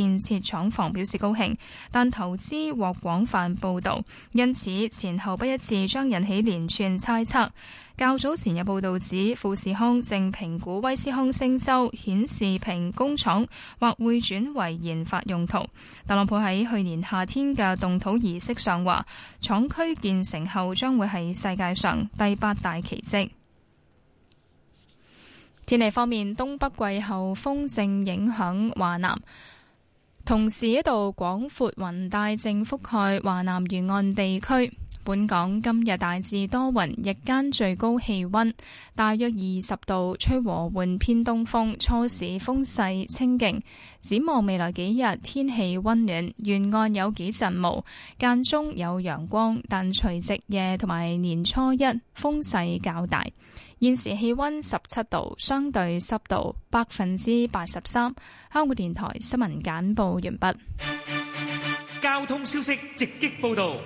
建設廠房表示高興，但投資獲廣泛報道，因此前後不一致將引起連串猜測。較早前有報道指富士康正評估威斯康星州顯示屏工廠，或會轉為研發用途。特朗普喺去年夏天嘅動土儀式上話，廠區建成後將會係世界上第八大奇蹟。天氣方面，東北季候風正影響華南。.同時，一道廣闊雲帶正覆蓋華南沿岸地區。本港今日大致多雲，日間最高氣温大約二十度，吹和緩偏東風，初時風勢清勁。展望未來幾日，天氣温暖，沿岸有幾陣霧，間中有陽光，但除夕夜同埋年初一風勢較大。現時氣溫十七度，相對濕度百分之八十三。香港電台新聞簡報完畢。交通消息直擊報道。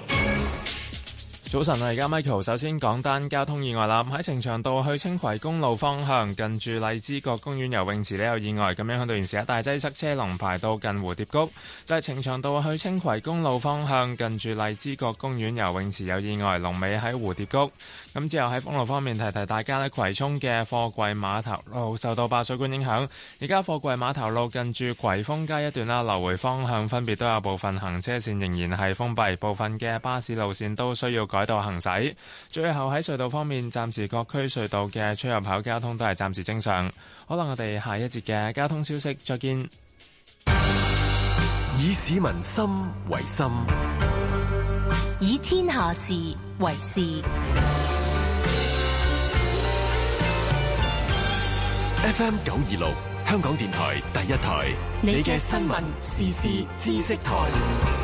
早晨，我而家 Michael，首先講單交通意外啦。喺呈祥道去青葵公路方向，近住荔枝角公園游泳池呢，有意外，咁樣影響到現時一帶擠塞車，車龍排到近蝴蝶谷。就係呈祥道去青葵公路方向，近住荔枝角公園游泳池有意外，龍尾喺蝴蝶谷。咁之後喺封路方面提提大家咧，葵涌嘅貨櫃碼頭路受到爆水管影響，而家貨櫃碼頭路近住葵豐街一段啦，來回方向分別都有部分行車線仍然係封閉，部分嘅巴士路線都需要改。行駛，最後喺隧道方面，暫時各區隧道嘅出入口交通都係暫時正常。可能我哋下一節嘅交通消息再見。以市民心為心，以天下事為事。FM 九二六，香港電台第一台，你嘅新聞時事知識台。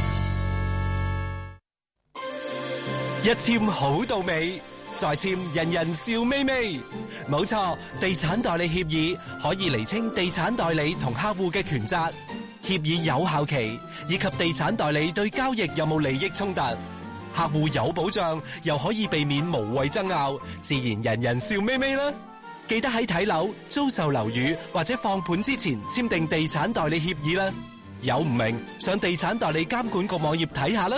一簽好到尾，再簽人人笑眯眯。冇錯，地產代理協議可以厘清地產代理同客戶嘅權責，協議有效期以及地產代理對交易有冇利益衝突，客戶有保障，又可以避免無謂爭拗，自然人人笑眯眯啦。記得喺睇樓、租售樓宇或者放盤之前簽訂地產代理協議啦。有唔明，上地產代理監管局網頁睇下啦。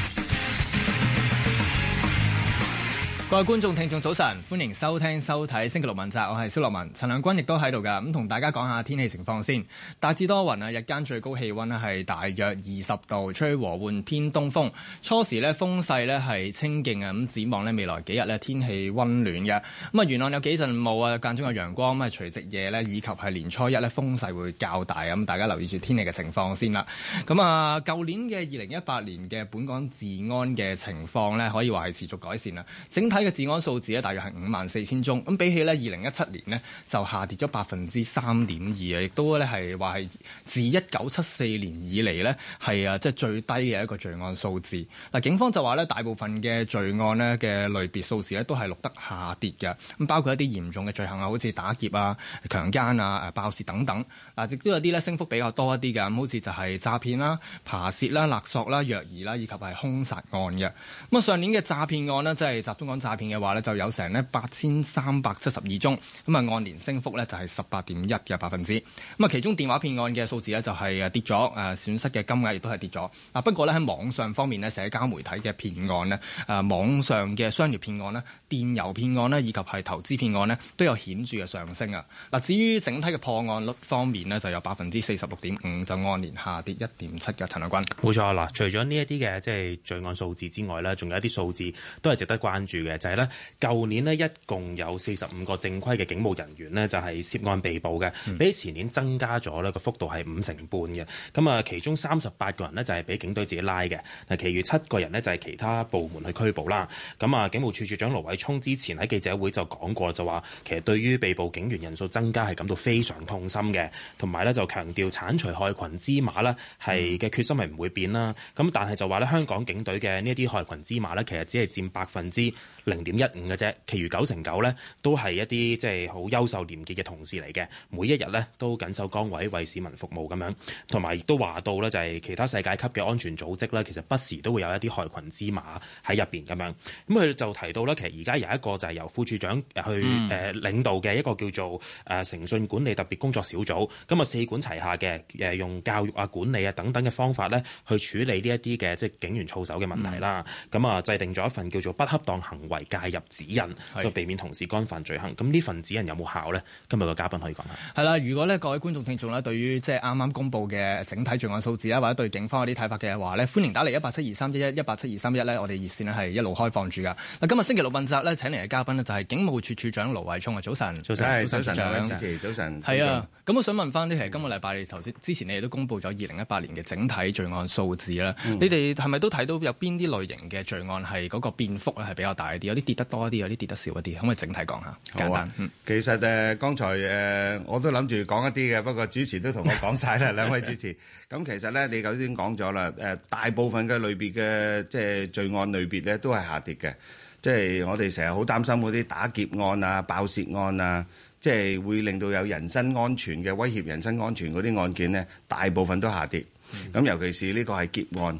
各位觀眾、聽眾，早晨，歡迎收聽、收睇《星期六問責》。我係蕭洛汶，陳亮均亦都喺度㗎。咁同大家講下天氣情況先。大致多雲啊，日間最高氣温咧係大約二十度，吹和緩偏東風。初時咧風勢咧係清勁嘅，咁展望咧未來幾日咧天氣温暖嘅。咁啊，沿岸有幾陣霧啊，間中有陽光。咁啊，除夕夜咧以及係年初一咧風勢會較大。咁大家留意住天氣嘅情況先啦。咁啊，舊年嘅二零一八年嘅本港治安嘅情況呢，可以話係持續改善啦。整體。呢個治安數字咧，大約係五萬四千宗。咁比起咧，二零一七年呢，就下跌咗百分之三點二啊！亦都咧係話係自一九七四年以嚟呢，係啊，即係最低嘅一個罪案數字。嗱，警方就話咧，大部分嘅罪案呢嘅類別數字呢，都係錄得下跌嘅。咁包括一啲嚴重嘅罪行啊，好似打劫啊、強姦啊、誒爆竊等等。嗱，亦都有啲咧升幅比較多一啲嘅，咁好似就係詐騙啦、啊、扒竊啦、勒索啦、啊、虐兒啦，以及係兇殺案嘅。咁啊，上年嘅詐騙案呢，即係集中講詐騙嘅話呢，就有成呢八千三百七十二宗，咁啊按年升幅呢，就係十八點一嘅百分之。咁啊其中電話騙案嘅數字呢，就係誒跌咗，誒損失嘅金額亦都係跌咗。啊不過呢，喺網上方面呢，社交媒體嘅騙案呢，誒網上嘅商業騙案呢，電郵騙案呢，以及係投資騙案呢，都有顯著嘅上升啊。嗱至於整體嘅破案率方面呢，就有百分之四十六點五，就按年下跌一點七嘅。陳亮均，冇錯啦，除咗呢一啲嘅即係罪案數字之外呢，仲有一啲數字都係值得關注嘅。就係咧，舊年呢，一共有四十五個正規嘅警務人員呢，就係涉案被捕嘅，比前年增加咗呢個幅度係五成半嘅。咁啊，其中三十八個人呢，就係俾警隊自己拉嘅，嗱，其餘七個人呢，就係其他部門去拘捕啦。咁啊，警務處處長盧偉聰之前喺記者會就講過，就話其實對於被捕警員人數增加係感到非常痛心嘅，同埋呢，就強調剷除害群之馬呢，係嘅決心係唔會變啦。咁但係就話呢，香港警隊嘅呢啲害群之馬呢，其實只係佔百分之。零點一五嘅啫，其餘九成九咧都係一啲即係好優秀廉潔嘅同事嚟嘅，每一日咧都緊守崗位為市民服務，咁樣同埋亦都話到咧就係其他世界級嘅安全組織咧，其實不時都會有一啲害群之馬喺入邊，咁樣，咁佢就提到啦，其實而家有一個就係由副處長去誒領導嘅一個叫做誒誠信管理特別工作小組，咁啊四管齊下嘅誒用教育啊管理啊等等嘅方法咧去處理呢一啲嘅即係警員操守嘅問題啦。咁啊制定咗一份叫做不恰當行為介入指引，所以避免同事干犯罪行。咁呢份指引有冇效呢？今日個嘉賓可以講下。係啦，如果呢各位觀眾聽眾咧，對於即係啱啱公布嘅整體罪案數字啦，或者對警方嗰啲睇法嘅話呢，歡迎打嚟一八七二三一一一八七二三一呢我哋熱線咧係一路開放住㗎。嗱，今日星期六問責呢，請嚟嘅嘉賓呢，就係警務處處長盧偉聰啊，早晨。早晨，早晨，早晨歡迎，早晨。係啊，咁我想問翻啲，係今個禮拜頭先之前，你哋都公布咗二零一八年嘅整體罪案數字啦，嗯，你哋係咪都睇到有邊啲類型嘅罪案係嗰個變幅咧係比較大？有啲跌得多一啲，有啲跌得少一啲，可唔可以整體講下？好啊，簡單，其實誒，剛才誒我都諗住講一啲嘅，不過主持都同我講晒啦，兩位主持。咁其實咧，你頭先講咗啦，誒大部分嘅類別嘅即係罪案類別咧，都係下跌嘅。即係我哋成日好擔心嗰啲打劫案啊、爆竊案啊，即係會令到有人身安全嘅、威脅人身安全嗰啲案件咧，大部分都下跌。咁尤其是呢個係劫案，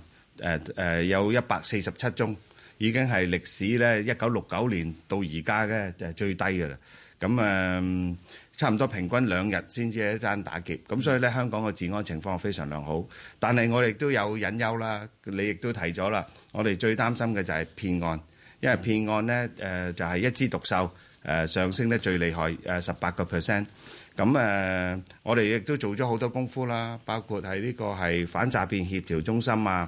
誒誒有一百四十七宗。已經係歷史咧，一九六九年到而家嘅就係最低嘅啦。咁誒，差唔多平均兩日先至一單打劫。咁所以咧，香港嘅治安情況非常良好。但係我哋都有隱憂啦。你亦都提咗啦，我哋最擔心嘅就係騙案，因為騙案咧，誒就係一枝獨秀，誒上升得最厲害，誒十八個 percent。咁誒，我哋亦都做咗好多功夫啦，包括係呢個係反詐騙協調中心啊。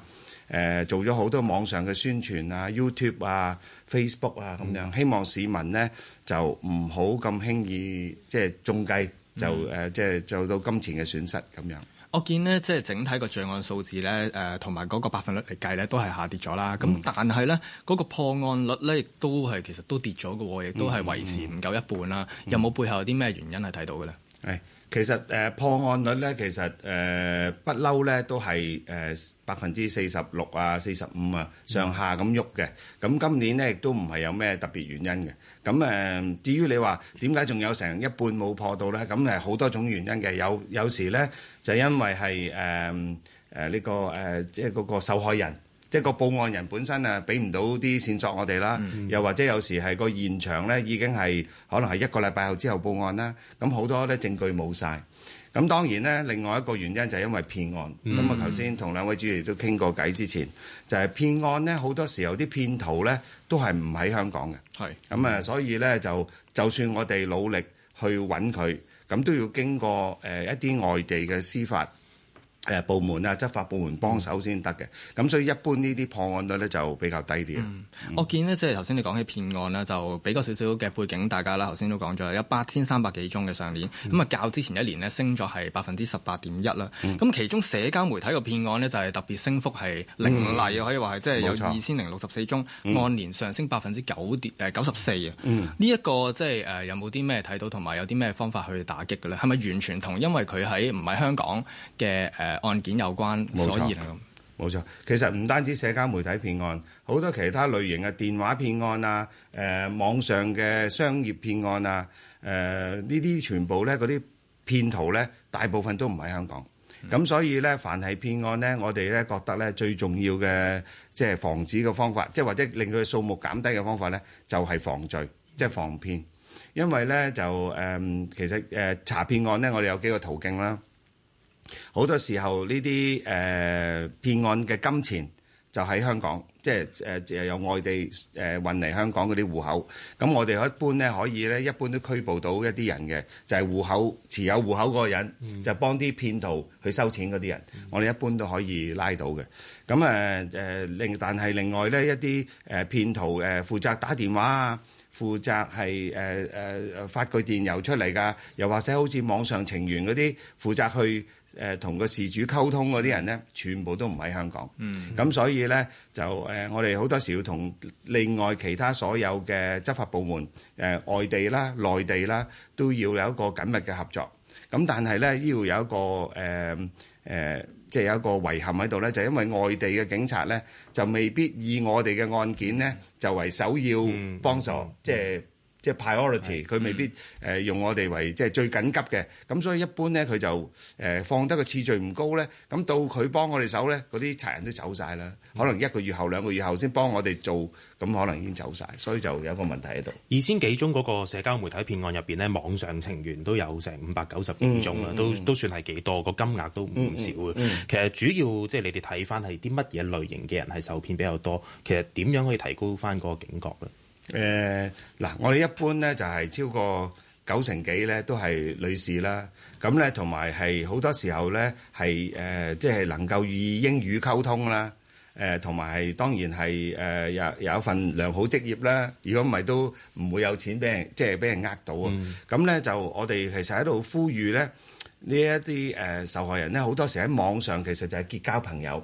誒做咗好多網上嘅宣傳啊，YouTube 啊、Facebook 啊咁樣，希望市民呢就唔好咁輕易即係中計，就誒即係做到金錢嘅損失咁樣。我見呢，即、就、係、是、整體個罪案數字呢，誒、呃，同埋嗰個百分率嚟計、嗯、呢，都係下跌咗啦。咁但係呢，嗰個破案率呢，亦都係其實都跌咗嘅喎，亦都係維持唔夠一半啦。嗯嗯、沒有冇背後有啲咩原因係睇到嘅咧？誒、哎。其實誒、呃、破案率咧，其實誒不嬲咧，呃、都係誒百分之四十六啊、四十五啊上下咁喐嘅。咁、嗯、今年咧亦都唔係有咩特別原因嘅。咁誒、呃、至於你話點解仲有成一半冇破到咧？咁係好多種原因嘅。有有時咧就因為係誒誒呢個誒即係嗰個受害人。即係個報案人本身啊，俾唔到啲線索我哋啦、嗯，又或者有時係個現場咧已經係可能係一個禮拜後之後報案啦，咁好多咧證據冇晒。咁當然咧，另外一個原因就係因為騙案。咁、嗯、啊，頭先同兩位主持都傾過偈之前，嗯、就係、是、騙案咧，好多時候啲騙徒咧都係唔喺香港嘅。咁啊，所以咧就就算我哋努力去揾佢，咁都要經過、呃、一啲外地嘅司法，誒部門啊，執法部門幫手先得嘅。咁、嗯、所以一般呢啲破案率咧就比較低啲、嗯嗯。我見呢，即係頭先你講起騙案啦，就俾個少少嘅背景大家啦。頭先都講咗有八千三百幾宗嘅上年，咁、嗯、啊較之前一年呢升咗係百分之十八點一啦。咁其中社交媒體嘅騙案呢，就係特別升幅係凌厲，嗯、可以話係即係有二千零六十四宗、嗯嗯，按年上升百分之九點九十四啊。呢、嗯、一、個即係誒有冇啲咩睇到，同埋有啲咩方法去打擊嘅咧？係咪完全同因為佢喺唔係香港嘅誒？呃案件有關，所以係冇錯。其實唔單止社交媒體騙案，好多其他類型嘅電話騙案啊，誒網上嘅商業騙案啊，誒呢啲全部咧嗰啲騙徒咧，大部分都唔喺香港。咁、嗯、所以咧，凡係騙案咧，我哋咧覺得咧最重要嘅，即係防止嘅方法，即係或者令佢數目減低嘅方法咧，就係防罪，即係防騙。因為咧就誒，其實誒查騙案咧，我哋有幾個途徑啦。好多時候呢啲誒騙案嘅金錢就喺香港，即係誒有外地誒、呃、運嚟香港嗰啲戶口咁，我哋一般咧可以咧一般都拘捕到一啲人嘅，就係、是、戶口持有戶口嗰個人、嗯、就幫啲騙徒去收錢嗰啲人，嗯、我哋一般都可以拉到嘅。咁誒另但係另外咧一啲誒、呃、騙徒誒、呃、負責打電話啊。負責係誒誒發個電郵出嚟㗎，又或者好似網上情緣嗰啲負責去誒同個事主溝通嗰啲人咧，全部都唔喺香港。咁、嗯、所以咧就誒、呃，我哋好多時要同另外其他所有嘅執法部門誒、呃，外地啦、內地啦，都要有一個緊密嘅合作。咁但係咧，要有一個誒誒。呃呃即係有一個遺憾喺度咧，就係、因為外地嘅警察咧，就未必以我哋嘅案件咧就為首要幫助，即、嗯、係。就係即係 priority，佢未必用我哋為即最緊急嘅咁，嗯、所以一般咧佢就放得個次序唔高咧，咁到佢幫我哋手咧，嗰啲賊人都走晒啦。可能一個月後兩個月後先幫我哋做，咁可能已經走晒。所以就有一個問題喺度。二千幾宗嗰個社交媒體騙案入面咧，網上情緣都有成五百九十幾宗啦，都都算係幾多、嗰個金額都唔少嘅、嗯嗯嗯。其實主要即係、就是、你哋睇翻係啲乜嘢類型嘅人係受騙比較多，其實點樣可以提高翻個警覺咧？誒、呃、嗱，我哋一般咧就係超過九成幾咧，都係女士啦。咁咧同埋係好多時候咧係即係能夠與英語溝通啦。同埋係當然係誒有有一份良好職業啦。如果唔係都唔會有錢俾人，即係俾人呃到啊。咁、嗯、咧就我哋其實喺度呼籲咧。呢一啲誒受害人咧，好多時喺網上其實就係結交朋友，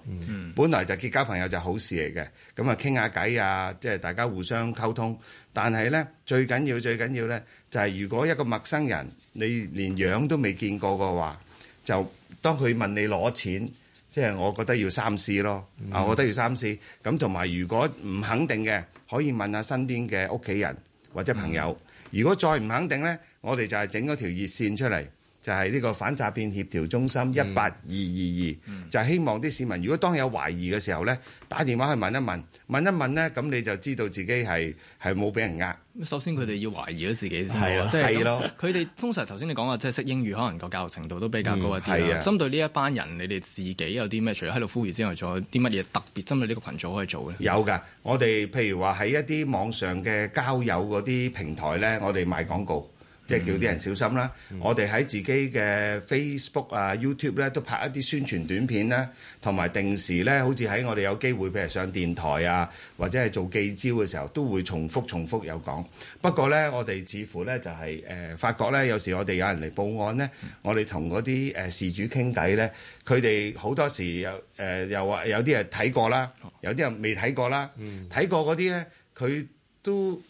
本來就結交朋友就好事嚟嘅。咁啊傾下偈啊，即係大家互相溝通。但係咧最緊要最緊要咧，就係如果一個陌生人你連樣都未見過嘅話，就當佢問你攞錢，即係我覺得要三思咯。啊，我覺得要三思。咁同埋如果唔肯定嘅，可以問下身邊嘅屋企人或者朋友。如果再唔肯定咧，我哋就係整咗條熱線出嚟。就係、是、呢個反詐騙協調中心一八二二二，就是、希望啲市民如果當有懷疑嘅時候咧，打電話去問一問，問一問咧，咁你就知道自己係係冇俾人呃。首先佢哋要懷疑咗自己先，係、嗯、咯。佢哋通常頭先你講話即係識英語，可能個教育程度都比較高一啲啦、嗯。針對呢一班人，你哋自己有啲咩？除咗喺度呼籲之外，仲有啲乜嘢特別針對呢個群組可以做咧？有㗎，我哋譬如話喺一啲網上嘅交友嗰啲平台咧，我哋賣廣告，嗯、即係叫啲人小心啦、嗯！我哋喺自己嘅 Facebook 啊、YouTube 咧都拍一啲宣傳短片啦，同埋定時咧，好似喺我哋有機會，譬如上電台啊，或者係做記招嘅時候，都會重複重複有講。不過咧，我哋似乎咧就係、是、誒、呃、發覺咧，有時我哋有人嚟報案咧、嗯，我哋同嗰啲誒事主傾偈咧，佢哋好多時又誒又話有啲人睇過啦，有啲人未睇過啦，睇過嗰啲咧，佢、嗯、都。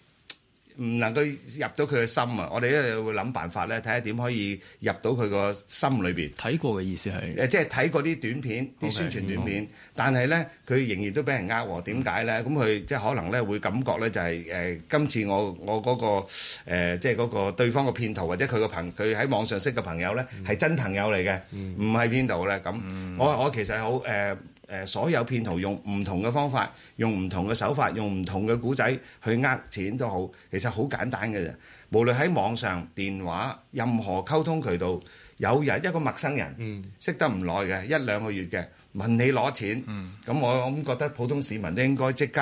唔能夠入到佢嘅心啊！我哋一定會諗辦法咧，睇下點可以入到佢個心裏邊。睇過嘅意思係誒，即係睇過啲短片、啲宣傳短片，但係咧佢仍然都俾人呃喎。點解咧？咁佢即係可能咧會感覺咧就係誒，今次我我嗰個誒即係嗰個對方個騙徒或者佢個朋佢喺網上識嘅朋友咧係真朋友嚟嘅，唔係騙徒咧。咁我我其實好誒。誒，所有騙徒用唔同嘅方法，用唔同嘅手法，用唔同嘅古仔去呃錢都好，其實好簡單嘅啫。無論喺網上、電話、任何溝通渠道，有人一個陌生人、嗯、識得唔耐嘅一兩個月嘅問你攞錢，咁、嗯、我覺得普通市民都應該即刻、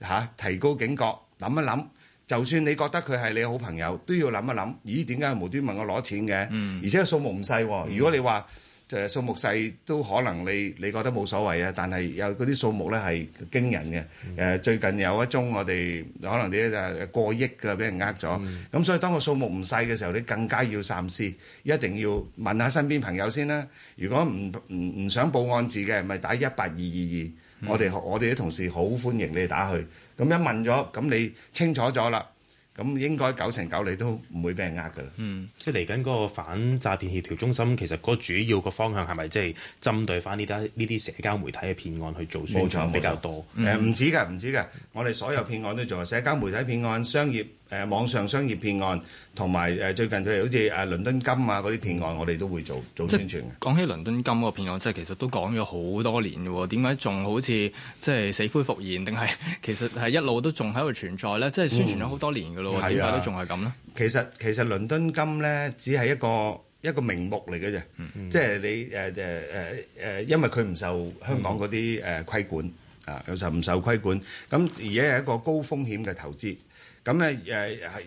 啊、提高警覺，諗一諗。就算你覺得佢係你好朋友，都要諗一諗，咦點解佢無端問我攞錢嘅、嗯？而且數目唔細喎。如果你話，嗯就係數目細都可能，你你覺得冇所謂啊，但係有嗰啲數目咧係驚人嘅。誒，最近有一宗我哋可能啲就過億嘅俾人呃咗，咁所以當個數目唔細嘅時候，你更加要三思，一定要問下身邊朋友先啦。如果唔唔唔想報案字嘅，咪打一八二二二，我哋我哋啲同事好歡迎你哋打去。咁一問咗，咁你清楚咗啦。咁應該九成九你都唔會俾人呃㗎啦。嗯，即嚟緊嗰個反詐騙協調中心，其實個主要個方向係咪即係針對翻呢啲呢啲社交媒體嘅騙案去做宣傳比較多？嗯、呃、唔止㗎，唔止㗎，我哋所有騙案都做，社交媒體騙案、商業。誒網上商業騙案，同埋誒最近譬如好似誒倫敦金啊嗰啲騙案，我哋都會做做宣傳嘅。講起倫敦金個騙案，即係其實都講咗好多年嘅喎，點解仲好似即係死灰復燃？定係其實係一路都仲喺度存在咧？即係宣傳咗好多年㗎咯，點、嗯、解都仲係咁呢、啊？其實其實倫敦金咧，只係一個一個名目嚟嘅啫，即、嗯、係、就是、你誒誒、呃呃呃、因為佢唔受香港嗰啲誒規管、嗯、啊，時候唔受規管咁，而且係一個高風險嘅投資。咁咧誒係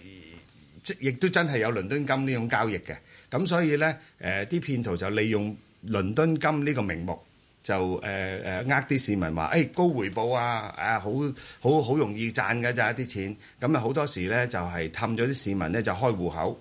即係亦都真係有倫敦金呢種交易嘅，咁所以咧誒啲騙徒就利用倫敦金呢個名目，就誒誒呃啲市民話誒高回報啊，啊好好好容易賺㗎咋啲錢，咁啊好多時咧就係氹咗啲市民咧就開戶口，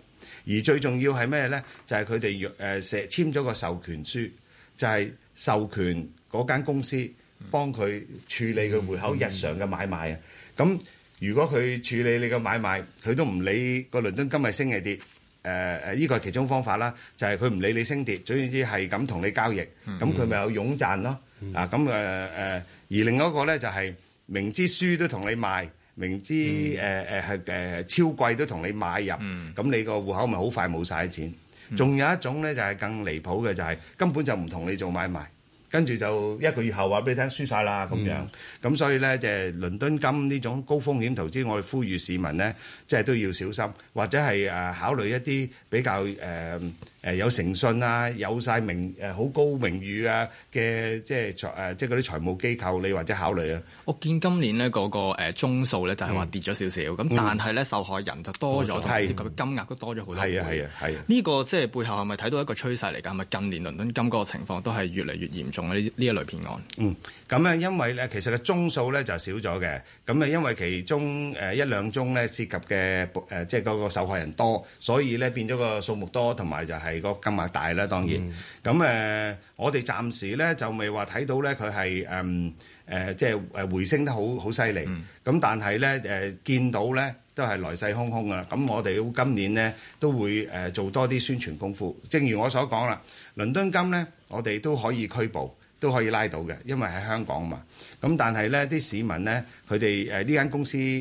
而最重要係咩咧？就係佢哋誒寫簽咗個授權書，就係授權嗰間公司幫佢處理佢戶口日常嘅買賣啊，咁。如果佢處理你個買賣，佢都唔理個倫敦金係升係跌，誒、呃、誒，依個係其中方法啦。就係佢唔理你升跌，總之係咁同你交易，咁佢咪有佣賺咯。嗯、啊，咁、呃、誒而另一個咧就係明知輸都同你賣，明知誒、嗯呃呃、超貴都同你買入，咁、嗯、你個戶口咪好快冇晒錢？仲、嗯、有一種咧就係更離譜嘅，就係根本就唔同你做買賣。跟住就一個月後話俾你聽，輸晒啦，咁樣咁、嗯、所以咧就係、是、倫敦金呢種高風險投資，我哋呼籲市民咧即係都要小心，或者係、啊、考慮一啲比較誒。呃誒有誠信啊，有晒名誒好高名譽啊嘅，即係財誒即係嗰啲財務機構，你或者考慮啊？我見今年呢個個誒宗數咧就係話跌咗少少，咁、嗯嗯、但係咧受害人就多咗，同涉及嘅金額都多咗好多倍。係啊係啊係啊呢個即係背後係咪睇到一個趨勢嚟㗎？係咪近年倫敦金嗰個情況都係越嚟越嚴重嘅呢呢一類騙案？嗯，咁咧因為咧其實嘅宗數咧就少咗嘅，咁誒因為其中誒一兩宗咧涉及嘅誒即係嗰個受害人多，所以咧變咗個數目多，同埋就係、是。個金額大啦，當然咁誒。我哋暫時咧就未話睇到咧，佢係誒誒，即係誒回升得好好犀利。咁但係咧誒，見到咧都係來勢洶洶啊。咁我哋到今年咧都會誒做多啲宣傳功夫。正如我所講啦，倫敦金咧，我哋都可以拘捕都可以拉到嘅，因為喺香港啊嘛。咁但係咧啲市民咧，佢哋誒呢間公司誒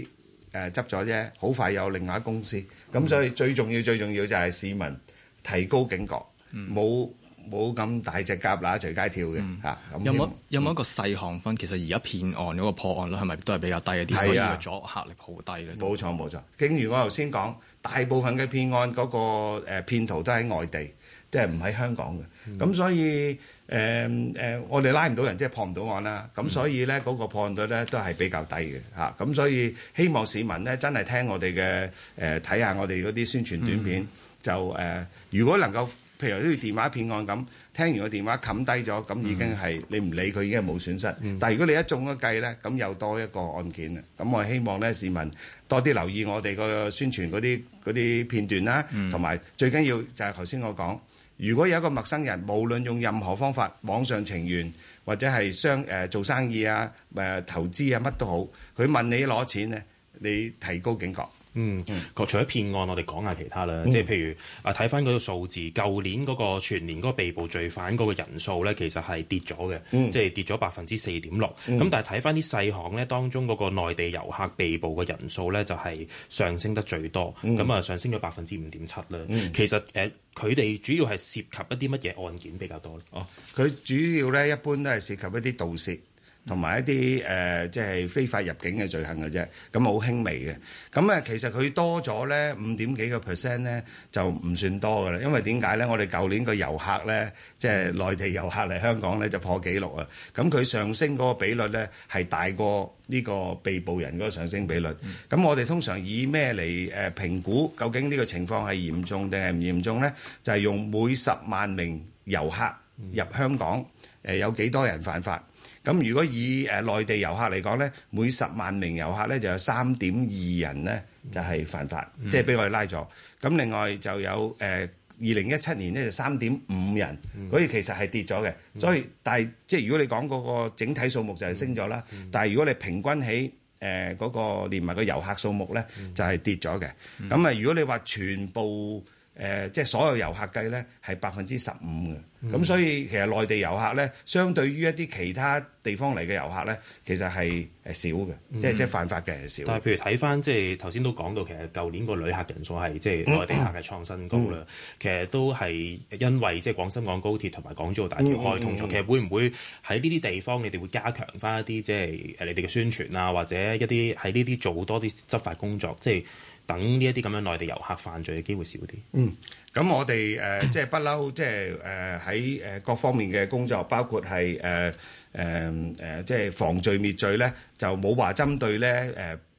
執咗啫，好快有另外一公司咁，所以最重要最重要就係市民。提高警覺，冇冇咁大隻蛤乸隨街跳嘅咁、嗯、有冇有冇一個細項分？嗯、其實而家騙案嗰個破案率係咪都係比較低一啲？係啊，阻嚇力好低咧。冇錯冇錯。正如我頭先講，大部分嘅騙案嗰個誒騙徒都喺外地，即係唔喺香港嘅。咁、嗯、所以誒、呃、我哋拉唔到人，即、就、係、是、破唔到案啦。咁所以咧，嗰個破案率咧都係比較低嘅咁、嗯啊、所以希望市民咧真係聽我哋嘅誒、睇下我哋嗰啲宣傳短片。嗯就誒，如果能夠譬如好似電話騙案咁，聽完個電話冚低咗，咁已經係你唔理佢已經係冇損失。但係如果你一中咗計咧，咁又多一個案件。咁我係希望咧市民多啲留意我哋個宣傳嗰啲嗰啲片段啦，同埋最緊要就係頭先我講，如果有一個陌生人無論用任何方法，網上情緣或者係商誒做生意啊誒投資啊乜都好，佢問你攞錢咧，你提高警覺。嗯，嗯，除咗騙案，我哋講下其他啦。即、嗯、係譬如啊，睇翻嗰個數字，舊年嗰個全年嗰個被捕罪犯嗰個人數咧，其實係跌咗嘅、嗯，即係跌咗百分之四點六。咁但係睇翻啲細項咧，當中嗰個內地遊客被捕嘅人數咧，就係上升得最多，咁、嗯、啊上升咗百分之五點七啦。其實佢哋、呃、主要係涉及一啲乜嘢案件比較多咧？哦，佢主要咧一般都係涉及一啲盜竊。同埋一啲誒，即係非法入境嘅罪行嘅啫，咁好輕微嘅。咁啊，其實佢多咗咧，五點幾個 percent 咧，就唔算多嘅啦。因為點解咧？我哋舊年個遊客咧，即係內地遊客嚟香港咧，就破紀錄啊。咁佢上升嗰個比率咧，係大過呢個被捕人嗰個上升比率。咁我哋通常以咩嚟誒評估究竟呢個情況係嚴重定係唔嚴重咧？就係用每十萬名遊客入香港誒，有幾多人犯法？咁如果以誒內地遊客嚟講咧，每十萬名遊客咧就有三點二人咧就係犯法，即係俾我哋拉咗。咁另外就有誒二零一七年咧就三點五人，所以其實係跌咗嘅。所以但係即係如果你講嗰個整體數目就係升咗啦，但係如果你平均起誒嗰個連埋個遊客數目咧就係跌咗嘅。咁啊，如果你話全部。誒，即係所有遊客計咧係百分之十五嘅，咁、嗯、所以其實內地遊客咧，相對於一啲其他地方嚟嘅遊客咧，其實係少嘅、嗯，即係即係犯法嘅少的、嗯。但係譬如睇翻即係頭先都講到，其實舊年個旅客人數係即係內地客嘅創新高啦、嗯。其實都係因為即係廣深港高鐵同埋港珠澳大橋開通咗、嗯嗯，其實會唔會喺呢啲地方，你哋會加強翻一啲即係你哋嘅宣傳啊，或者一啲喺呢啲做多啲執法工作，即係？等呢一啲咁樣內地遊客犯罪嘅機會少啲。嗯，咁我哋誒，即係不嬲，即係誒喺誒各方面嘅工作，包括係誒誒誒，即係防罪滅罪咧，就冇話針對咧誒。呃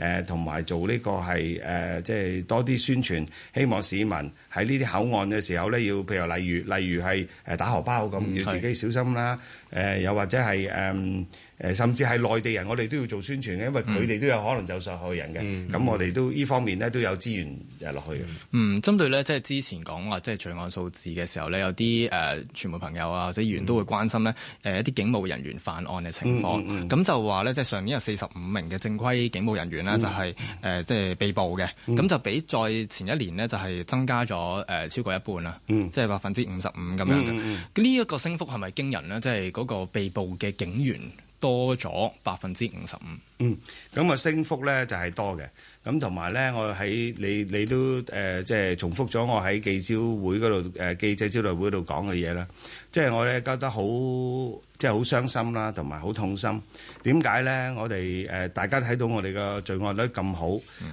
誒同埋做呢個係誒，即、呃、係、就是、多啲宣傳，希望市民喺呢啲口岸嘅時候咧，要譬如例如例如係誒打荷包咁、嗯，要自己小心啦。誒又、呃、或者係誒。呃甚至係內地人，我哋都要做宣傳嘅，因為佢哋都有可能就受害人嘅。咁、嗯、我哋都呢方面呢都有資源入落去。嗯，針對呢，即係之前講話即係罪案數字嘅時候呢有啲誒、呃、傳媒朋友啊或者議員都會關心呢一啲、呃、警務人員犯案嘅情況。咁、嗯嗯嗯、就話呢，即係上年有四十五名嘅正規警務人員呢、嗯，就係即係被捕嘅。咁、嗯、就比再前一年呢，就係、是、增加咗誒、呃、超過一半啦。即係百分之五十五咁樣嘅。呢、嗯、一、嗯嗯、個升幅係咪驚人呢？即係嗰個被捕嘅警員？多咗百分之五十五，嗯，咁啊升幅咧就係、是、多嘅，咁同埋咧我喺你你都誒、呃、即係重複咗我喺記者會度誒、呃、記者招待會度講嘅嘢啦。即係我咧覺得好，即係好傷心啦，同埋好痛心。點解咧？我哋誒大家睇到我哋嘅罪案率咁好，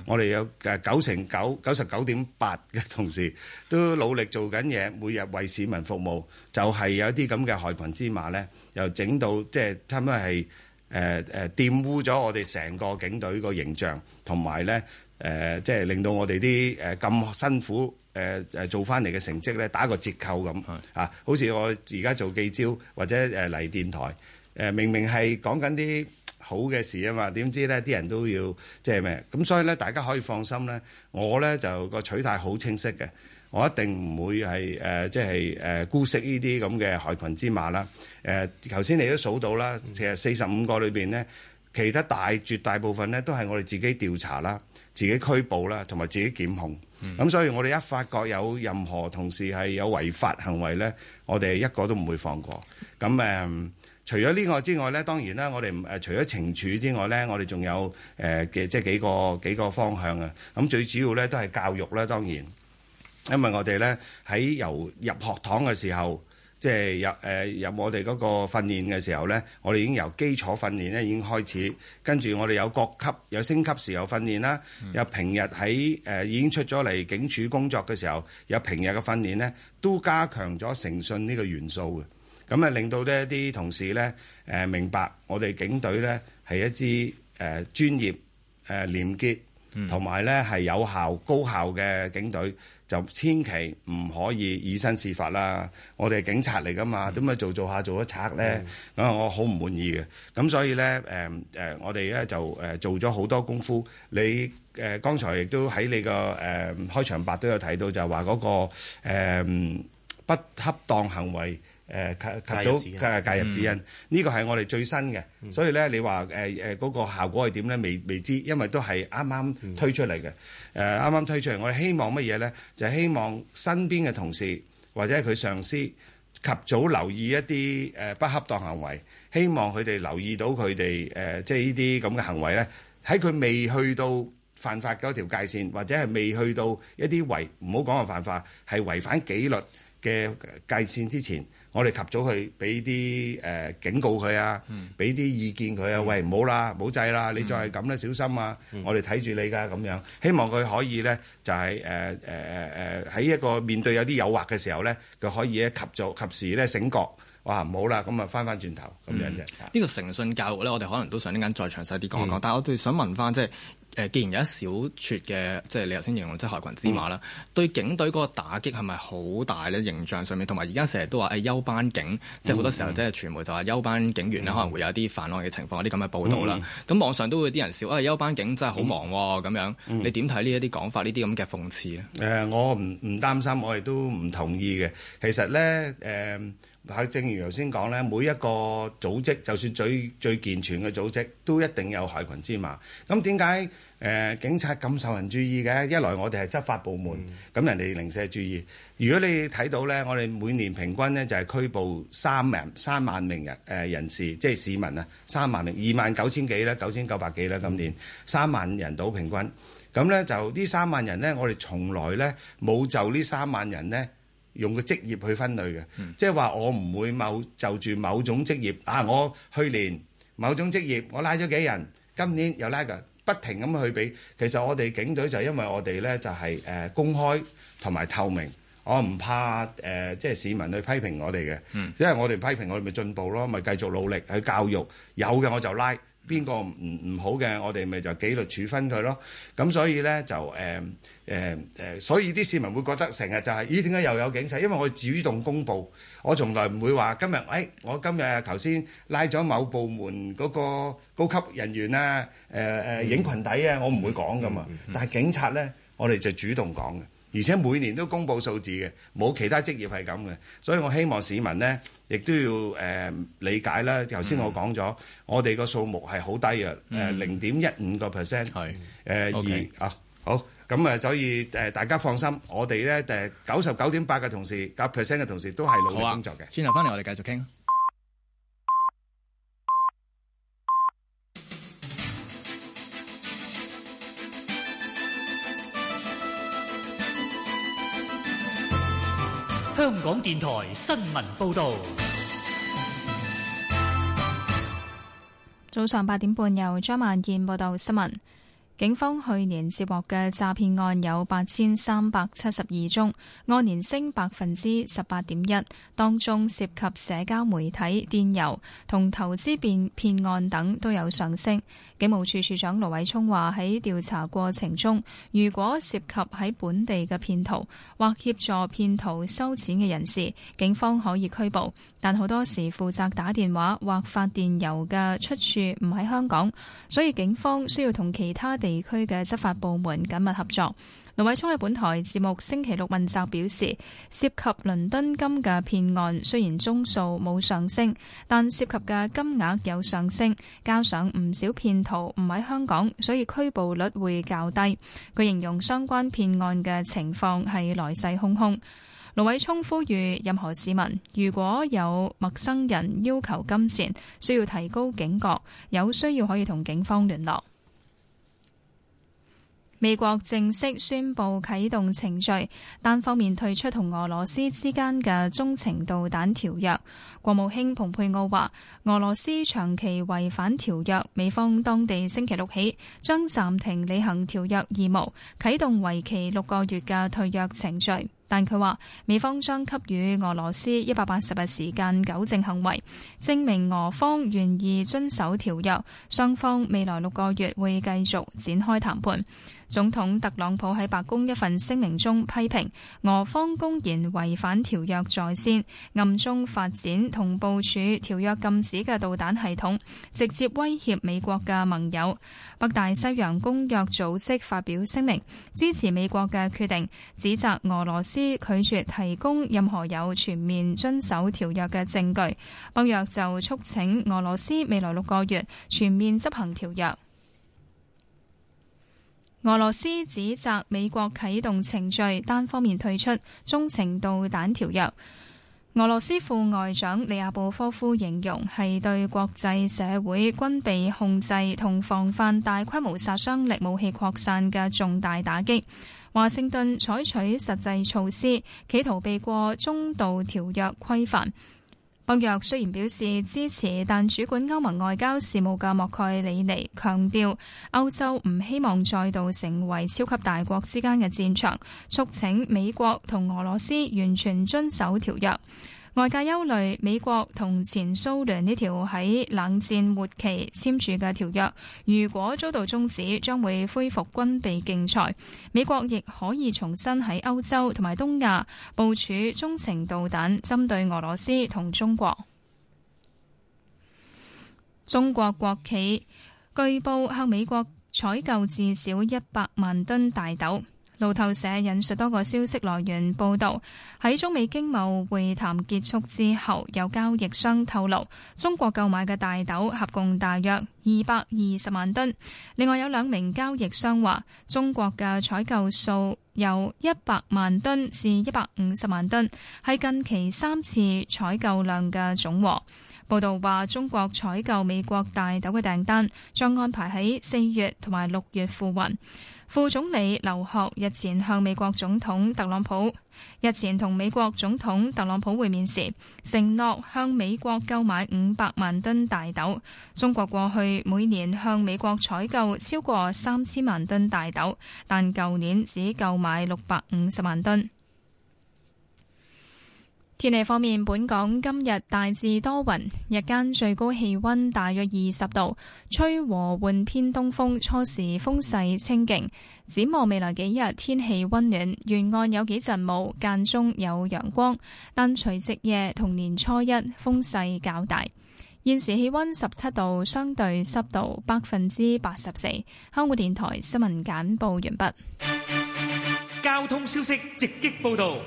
我哋有誒九成九九十九點八嘅同事，都努力做緊嘢，每日為市民服務，就係有啲咁嘅害羣之馬咧，又整到即係差唔多係誒誒玷污咗我哋成個警隊個形象，同埋咧誒即係令到我哋啲誒咁辛苦。誒誒做翻嚟嘅成績咧，打個折扣咁嚇，好似我而家做記招或者誒嚟電台誒，明明係講緊啲好嘅事啊嘛，點知咧啲人都要即係咩？咁所以咧，大家可以放心咧，我咧就個取態好清晰嘅，我一定唔會係誒即係誒姑息呢啲咁嘅害羣之馬啦。誒頭先你都數到啦，其實四十五個裏邊咧，其他大絕大部分咧都係我哋自己調查啦、自己拘捕啦同埋自己檢控，咁、嗯、所以，我哋一發覺有任何同事係有違法行為咧，我哋一個都唔會放過。咁、嗯、除咗呢個之外咧，當然啦，我哋除咗懲處之外咧，我哋仲有嘅、呃、即係幾個幾個方向啊。咁最主要咧都係教育啦，當然，因為我哋咧喺由入學堂嘅時候。即係有入我哋嗰個訓練嘅時候呢，我哋已經由基礎訓練呢已經開始，跟住我哋有各級有升級時候訓練啦，有、嗯、平日喺誒已經出咗嚟警署工作嘅時候，有平日嘅訓練呢，都加強咗誠信呢個元素嘅，咁啊令到呢啲同事呢，誒明白我哋警隊呢係一支誒專業、誒廉潔同埋呢係有效、高效嘅警隊。就千祈唔可以以身試法啦！我哋係警察嚟噶嘛，點解做做下做咗賊咧？啊、嗯，我好唔滿意嘅。咁所以咧，誒、呃呃、我哋咧就誒做咗好多功夫。你誒、呃、剛才亦都喺你個誒、呃、開場白都有睇到就、那個，就係話嗰個不恰當行為。誒及及早誒介入指引，呢個係我哋最新嘅，所以咧你話誒誒嗰個效果係點咧？未、未知，因為都係啱啱推出嚟嘅。誒啱啱推出嚟，我哋希望乜嘢咧？就希望身邊嘅同事或者係佢上司及早留意一啲誒不恰當行為，希望佢哋留意到佢哋誒即係呢啲咁嘅行為咧。喺佢未去到犯法嗰條界線，或者係未去到一啲違，唔好講話犯法，係違反紀律嘅界線之前。我哋及早去俾啲誒警告佢啊，俾啲意見佢啊、嗯，喂唔好啦，冇制啦，嗯、你再係咁咧小心啊！嗯、我哋睇住你噶咁樣，希望佢可以咧就係誒誒誒誒喺一個面對有啲誘惑嘅時候咧，佢可以咧及早、及時咧醒覺，哇唔好啦，咁啊翻翻轉頭咁、嗯、樣啫。呢、呢個誠信教育咧，我哋可能都想呢間再詳細啲講一講、嗯，但我哋想問翻即係。就是誒，既然有一小撮嘅，即係你頭先形容即係害群之馬啦、嗯，對警隊嗰個打擊係咪好大咧？形象上面，同埋而家成日都話誒、哎、休班警，嗯、即係好多時候即係傳媒就話休班警員咧可能會有啲犯案嘅情況、嗯，有啲咁嘅報道啦。咁、嗯、網上都會啲人笑，啊、哎、休班警真係好忙喎、哦、咁、嗯、樣。你點睇呢一啲講法，呢啲咁嘅諷刺咧？誒、呃，我唔唔擔心，我亦都唔同意嘅。其實咧，呃正如頭先講咧，每一個組織，就算最最健全嘅組織，都一定有害群之馬。咁點解呃、警察咁受人注意嘅？一來我哋係執法部門，咁、嗯、人哋零舍注意。如果你睇到咧，我哋每年平均咧就係拘捕三名三萬名人、呃、人士，即係市民啊，三萬零二萬九千幾啦，九千九百幾啦，今年三萬人到平均。咁咧就呢三萬人咧，我哋從來咧冇就呢三萬人咧。用個職業去分類嘅，即係話我唔會某就住某種職業啊！我去年某種職業我拉咗幾人，今年又拉嘅，不停咁去俾。其實我哋警隊就係因為我哋咧就係誒公開同埋透明，我唔怕誒即係市民去批評我哋嘅，因為我哋批評我哋咪進步咯，咪繼續努力去教育，有嘅我就拉。邊個唔唔好嘅，我哋咪就紀律處分佢咯。咁所以呢，就誒誒誒，所以啲市民會覺得成日就係、是、咦點解又有警察？因為我主動公佈，我從來唔會話今日誒、哎，我今日頭先拉咗某部門嗰個高級人員啊，誒、呃、誒影裙底啊，嗯、我唔會講㗎嘛。嗯、但係警察呢，我哋就主動講嘅。而且每年都公布數字嘅，冇其他職業係咁嘅，所以我希望市民咧，亦都要誒理解啦。頭先我講咗，我哋個數目係好低嘅，誒零點一五個 percent，係誒二啊，好咁啊，所以誒大家放心，我哋咧誒九十九點八嘅同事，九 percent 嘅同事都係努力工作嘅。轉頭翻嚟，我哋繼續傾。香港電臺新聞報道，早上八點半由張萬燕報道新聞。警方去年接獲嘅詐騙案有八千三百七十二宗，按年升百分之十八點一。當中涉及社交媒體電郵同投資騙騙案等都有上升。警務處處長盧偉聰話：喺調查過程中，如果涉及喺本地嘅騙徒或協助騙徒收錢嘅人士，警方可以拘捕。但好多時負責打電話或發電郵嘅出處唔喺香港，所以警方需要同其他地區嘅執法部門緊密合作。盧偉聰喺本台節目星期六問責表示，涉及倫敦金嘅騙案雖然宗數冇上升，但涉及嘅金額有上升，加上唔少騙徒唔喺香港，所以拘捕率會較低。佢形容相關騙案嘅情況係來勢洶洶。盧偉聰呼籲任何市民如果有陌生人要求金錢，需要提高警覺，有需要可以同警方聯絡。美國正式宣布啟動程序，單方面退出同俄羅斯之間嘅中程導彈條約。國務卿蓬佩奧話，俄羅斯長期違反條約，美方當地星期六起將暫停履行條約義務，啟動為期六個月嘅退約程序。但佢話，美方將給予俄羅斯一百八十日時間糾正行為，證明俄方願意遵守條約。雙方未來六個月會繼續展開談判。總統特朗普喺白宮一份聲明中批評俄方公然違反條約在先，暗中發展同部署條約禁止嘅導彈系統，直接威脅美國嘅盟友。北大西洋公約組織發表聲明，支持美國嘅決定，指責俄羅斯拒絕提供任何有全面遵守條約嘅證據。北約就促請俄羅斯未來六個月全面執行條約。俄羅斯指責美國啟動程序，單方面退出中程導彈條約。俄羅斯副外長利亞布科夫形容係對國際社會軍備控制同防範大規模殺傷力武器擴散嘅重大打擊。華盛頓採取實際措施，企圖避過中導條約規範。北約雖然表示支持，但主管歐盟外交事務嘅莫蓋里尼強調，歐洲唔希望再度成為超級大國之間嘅戰場，促請美國同俄羅斯完全遵守條約。外界憂慮，美國同前蘇聯呢條喺冷戰末期簽署嘅條約，如果遭到終止，將會恢復軍備競賽。美國亦可以重新喺歐洲同埋東亞部署中程導彈，針對俄羅斯同中國。中國國企據報向美國採購至少一百萬噸大豆。路透社引述多個消息來源報道，喺中美經貿會談結束之後，有交易商透露，中國購買嘅大豆合共大約二百二十萬噸。另外有兩名交易商話，中國嘅採購數由一百萬噸至一百五十萬噸，係近期三次採購量嘅總和。報道話，中國採購美國大豆嘅訂單將安排喺四月同埋六月付運。副總理劉鶴日前向美國總統特朗普，日前同美國總統特朗普會面時，承諾向美國購買五百萬噸大豆。中國過去每年向美國採購超過三千萬噸大豆，但舊年只購買六百五十萬噸。天氣方面，本港今日大致多雲，日間最高氣溫大約二十度，吹和緩偏東風，初時風勢清勁。展望未來幾日天氣溫暖，沿岸有幾陣霧，間中有陽光，但除夕夜同年初一風勢較大。現時氣溫十七度，相對濕度百分之八十四。香港電台新聞簡報完畢。交通消息直擊報道。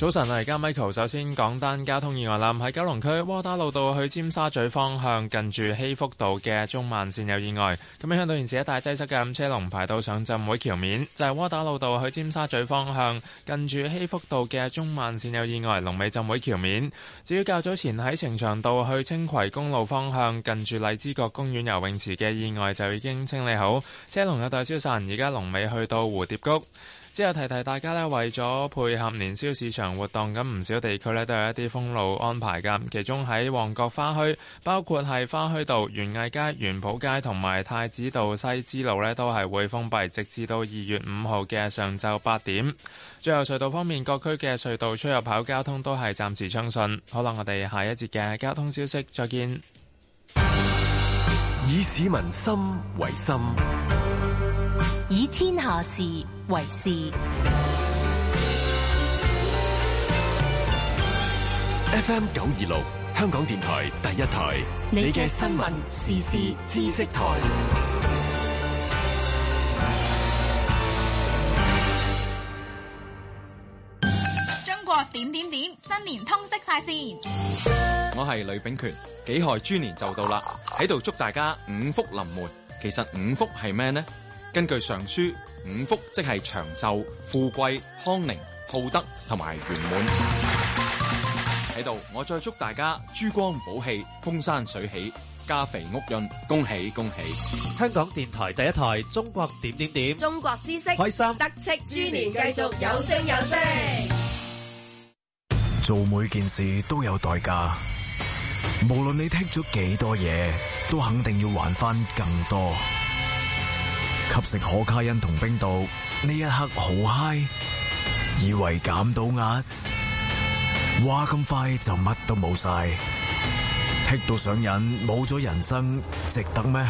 早晨，我而家 Michael。首先講單交通意外啦，喺九龍區窩打老道去尖沙咀方向，近住希福道嘅中慢線有意外，咁影響到現時一帶擠塞嘅，咁車龍排到上浸會橋面，就係窩打老道去尖沙咀方向，近住希福道嘅中慢線有意外，龍尾浸會橋面。至於較早前喺呈祥道去青葵公路方向，近住荔枝角公園游泳池嘅意外就已經清理好，車龍有待消散，而家龍尾去到蝴蝶谷。之後提提大家咧，為咗配合年宵市場活動，咁唔少地區呢都有一啲封路安排㗎。其中喺旺角花墟，包括係花墟道、園藝街、園圃街同埋太子道西支路呢，都係會封閉，直至到二月五號嘅上晝八點。最後隧道方面，各區嘅隧道出入口交通都係暫時暢順。好啦，我哋下一節嘅交通消息，再見。以市民心為心。下事為事，FM 九二六香港電台第一台，你嘅新聞時事知識台，中國點點點新年通識快線。我係呂秉權，己亥豬年就到啦，喺度祝大家五福臨門。其實五福係咩呢？根據《尚書》，五福即係長壽、富貴、康寧、好德同埋圓滿。喺度，我再祝大家珠光寶氣、風生水起、家肥屋潤，恭喜恭喜！香港電台第一台《中國點點點》，中國知識開心得戚，豬年繼續有聲有色。做每件事都有代價，無論你聽咗幾多嘢，都肯定要還翻更多。吸食可卡因同冰毒，呢一刻好嗨，以為減到壓，話咁快就乜都冇晒，剔到上癮，冇咗人生，值得咩？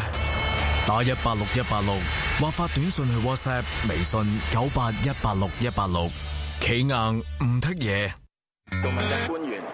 打一八六一八六，或發短信去 WhatsApp、微信九八一八六一八六，企硬唔剔嘢。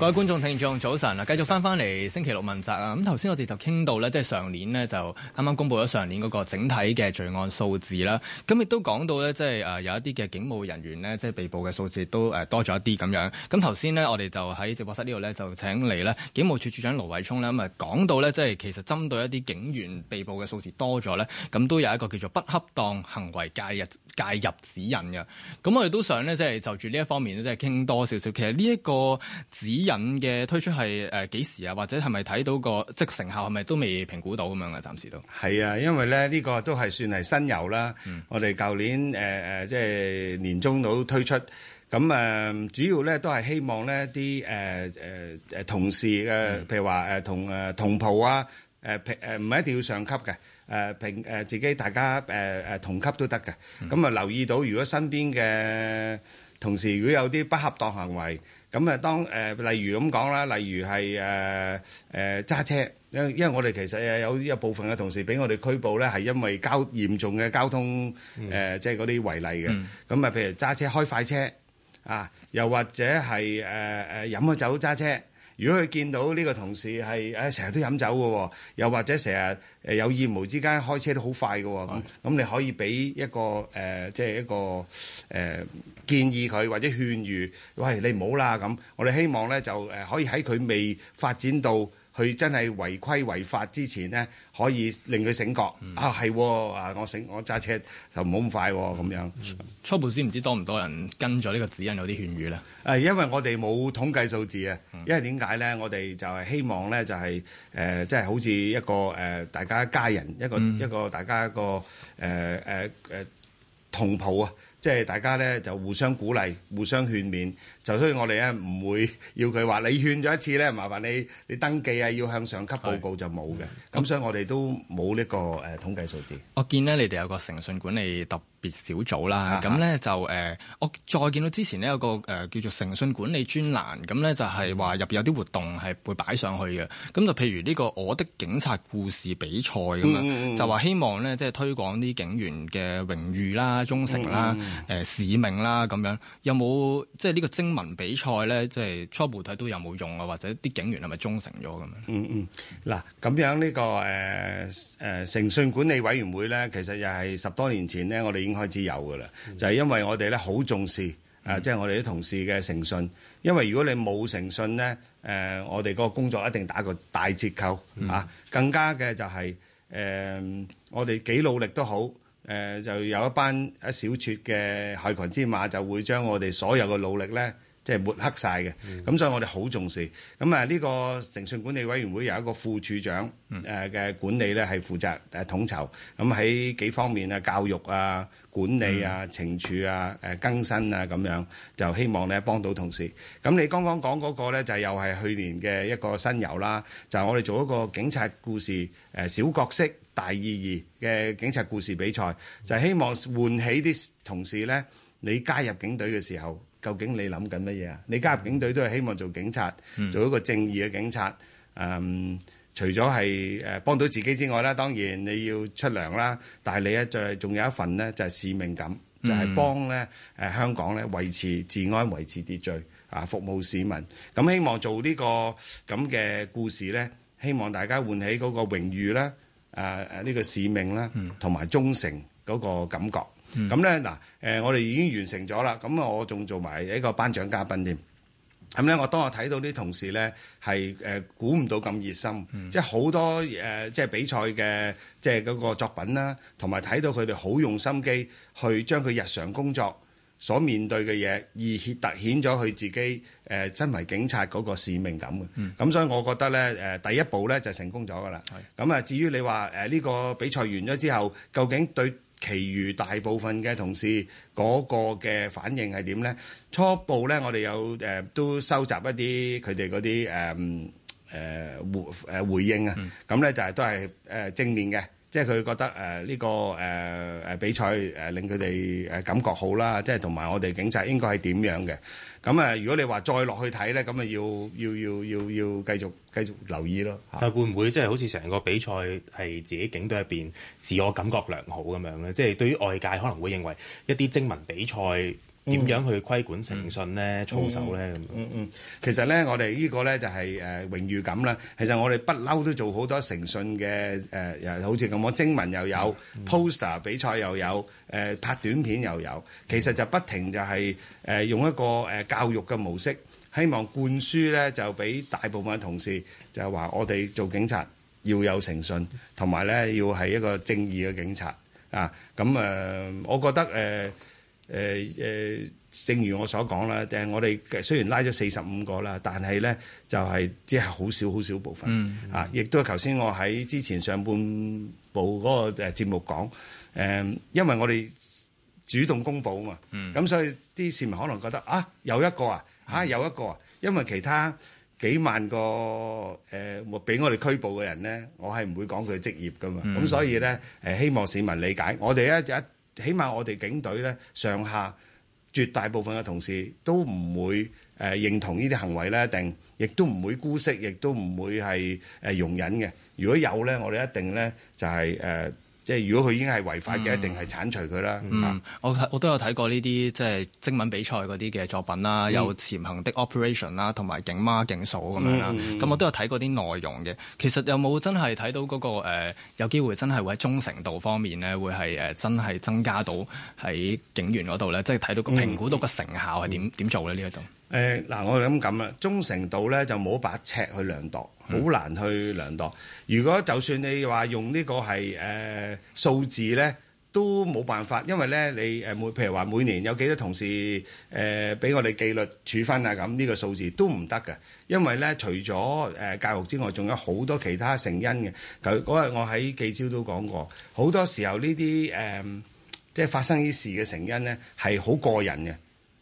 各位觀眾、聽眾早晨啊！繼續翻翻嚟星期六問責啊！咁頭先我哋就傾到咧，即係上年呢，就啱啱公布咗上年嗰個整體嘅罪案數字啦。咁亦都講到咧，即係誒有一啲嘅警務人員呢，即係被捕嘅數字都誒多咗一啲咁樣。咁頭先呢，我哋就喺直播室呢度咧，就請嚟咧警務處處長盧偉聰啦咁啊講到咧，即係其實針對一啲警員被捕嘅數字多咗咧，咁都有一個叫做不恰當行為介入介入指引嘅。咁我哋都想咧，即係就住呢一方面即係傾多少少。其實呢一個指引。緊嘅推出係幾、呃、時啊？或者係咪睇到個即成效係咪都未評估到咁樣嘅、啊？暫時都係啊，因為咧呢、呢個都係算係新有啦。嗯、我哋舊年即係、呃即係、年中到推出，咁誒、呃、主要咧都係希望咧啲、呃呃、同事誒，譬、呃、如話誒同誒同袍啊平唔係一定要上級嘅平、呃、自己大家、呃、同級都得嘅。咁、嗯、啊留意到，如果身邊嘅同事如果有啲不恰當行為，咁啊，當誒，例如咁講啦，例如係誒誒揸車，因因為我哋其實有一部分嘅同事俾我哋拘捕咧，係因為交嚴重嘅交通誒、呃嗯，即係嗰啲違例嘅。咁、嗯、啊，譬如揸車開快車啊，又或者係誒誒飲咗酒揸車。如果佢見到呢個同事係誒成日都飲酒嘅，又或者成日誒有意無之間開車都好快嘅，咁咁你可以俾一個誒，即係一個誒建議佢，或者勸喻，喂，你唔好啦咁。我哋希望咧就誒可以喺佢未發展到。佢真係違規違法之前呢，可以令佢醒覺、嗯、啊！係啊，我醒我揸車就唔好咁快咁樣。嗯嗯、初步先唔知道多唔多人跟咗呢個指引，有啲勸喻咧。誒，因為我哋冇統計數字啊、嗯。因為點解呢？我哋就係希望呢、就係呃，就係誒，即係好似一個誒、呃，大家家人一個一個，嗯、一個大家一個誒誒誒同袍啊！即係大家呢，就互相鼓勵，互相勸勉。所以，我哋咧唔會要佢話你勸咗一次咧，麻煩你你登記啊，要向上級報告就冇嘅。咁所以我們、這個，我哋都冇呢個誒統計數字。我見咧，你哋有個誠信管理特別小組啦。咁、啊、咧就誒、呃、我再見到之前咧有個誒、呃、叫做誠信管理專欄，咁咧就係話入邊有啲活動係會擺上去嘅。咁就譬如呢個我的警察故事比賽咁、嗯、樣，就話希望咧即係推廣啲警員嘅榮譽啦、忠誠啦、誒、嗯呃、使命啦咁樣，有冇即係呢個精密？比賽咧，即係初步睇都有冇用啊，或者啲警員係咪忠誠咗咁樣？嗯嗯，嗱、這個，咁樣呢個誒誠信管理委員會咧，其實又係十多年前咧，我哋已經開始有噶啦、嗯，就係、是、因為我哋咧好重視即係、嗯啊就是、我哋啲同事嘅誠信，因為如果你冇誠信咧，誒，我哋個工作一定打個大折扣啊，更加嘅就係、是呃、我哋幾努力都好，呃、就有一班一小撮嘅害群之馬就會將我哋所有嘅努力咧。即係抹黑曬嘅，咁所以我哋好重視。咁啊，呢個誠信管理委員會有一個副處長誒嘅管理咧，係負責誒統籌。咁喺幾方面啊，教育啊、管理啊、懲處啊、誒更新啊咁樣，就希望咧幫到同事。咁你剛剛講嗰個咧，就係又係去年嘅一個新遊啦，就係我哋做一個警察故事誒小角色大意義嘅警察故事比賽，就係希望喚起啲同事咧，你加入警隊嘅時候。究竟你諗緊乜嘢啊？你加入警隊都係希望做警察，做一個正義嘅警察。誒，除咗係誒幫到自己之外啦，當然你要出糧啦。但係你咧就係仲有一份咧，就係使命感，就係幫咧誒香港咧維持治安、維持秩序啊，服務市民。咁希望做呢個咁嘅故事咧，希望大家喚起嗰個榮譽啦，誒誒呢個使命啦，同埋忠誠嗰個感覺。咁咧嗱，我哋已經完成咗啦，咁我仲做埋一個頒獎嘉賓添。咁咧，我當我睇到啲同事咧係誒估唔到咁熱心，即係好多即係比賽嘅即係嗰個作品啦，同埋睇到佢哋好用心機去將佢日常工作所面對嘅嘢而凸顯突顯咗佢自己身為警察嗰個使命感嘅。咁、嗯、所以我覺得咧第一步咧就成功咗噶啦。咁啊，至於你話呢個比賽完咗之後，究竟對？其餘大部分嘅同事嗰個嘅反應係點咧？初步咧，我哋有誒都收集一啲佢哋嗰啲誒誒回誒回應啊。咁咧就係都係誒正面嘅，即係佢覺得誒呢個誒誒比賽誒令佢哋誒感覺好啦。即係同埋我哋警察應該係點樣嘅？咁啊，如果你話再落去睇咧，咁啊要要要要要繼續繼續留意咯。但會唔會即係好似成個比賽係自己警隊入面自我感覺良好咁樣咧？即係對於外界可能會認為一啲精文比賽。點樣去規管誠信咧？操守咧咁。嗯嗯，其實咧，我哋呢個咧就係誒榮譽感啦。其實我哋不嬲都做好多誠信嘅誒，又好似咁，我徵文又有 poster 比賽又有誒拍短片又有，其實就不停就係誒用一個誒教育嘅模式，希望灌輸咧就俾大部分同事就係話我哋做警察要有誠信，同埋咧要係一個正義嘅警察啊。咁誒，我覺得誒。誒、呃呃、正如我所講啦、呃，我哋雖然拉咗四十五個啦，但係咧就係即係好少好少部分、嗯嗯、啊，亦都係頭先我喺之前上半部嗰個節節目講、呃、因為我哋主動公佈啊嘛，咁、嗯、所以啲市民可能覺得啊有一個啊，啊有一個、啊，因為其他幾萬個誒俾、呃、我哋拘捕嘅人咧，我係唔會講佢嘅職業噶嘛，咁、嗯、所以咧、呃、希望市民理解，我哋咧就一。嗯起碼我哋警隊咧，上下絕大部分嘅同事都唔會誒認同呢啲行為咧，一定亦都唔會姑息，亦都唔會係誒容忍嘅。如果有咧，我哋一定咧就係誒。即係如果佢已經係違法嘅、嗯，一定係剷除佢啦、嗯。嗯，我我都有睇過呢啲即係徵文比賽嗰啲嘅作品啦、嗯，有潛行的 operation 啦，同埋警媽警嫂咁樣啦。咁、嗯嗯、我都有睇過啲內容嘅。其實有冇真係睇到嗰、嗰個、呃、有機會真係會喺忠誠度方面咧，會係、呃、真係增加到喺警員嗰度咧？即係睇到個評估到個成效係點點做咧呢一度？誒、呃、嗱，我諗咁啦，忠誠度咧就冇把尺去量度，好難去量度。如果就算你話用呢個係誒、呃、數字咧，都冇辦法，因為咧你每、呃、譬如話每年有幾多同事誒俾、呃、我哋紀律處分啊咁呢、呢個數字都唔得嘅，因為咧除咗誒、呃、教育之外，仲有好多其他成因嘅。嗰日我喺記招都講過，好多時候呢啲誒即係發生呢事嘅成因咧係好個人嘅。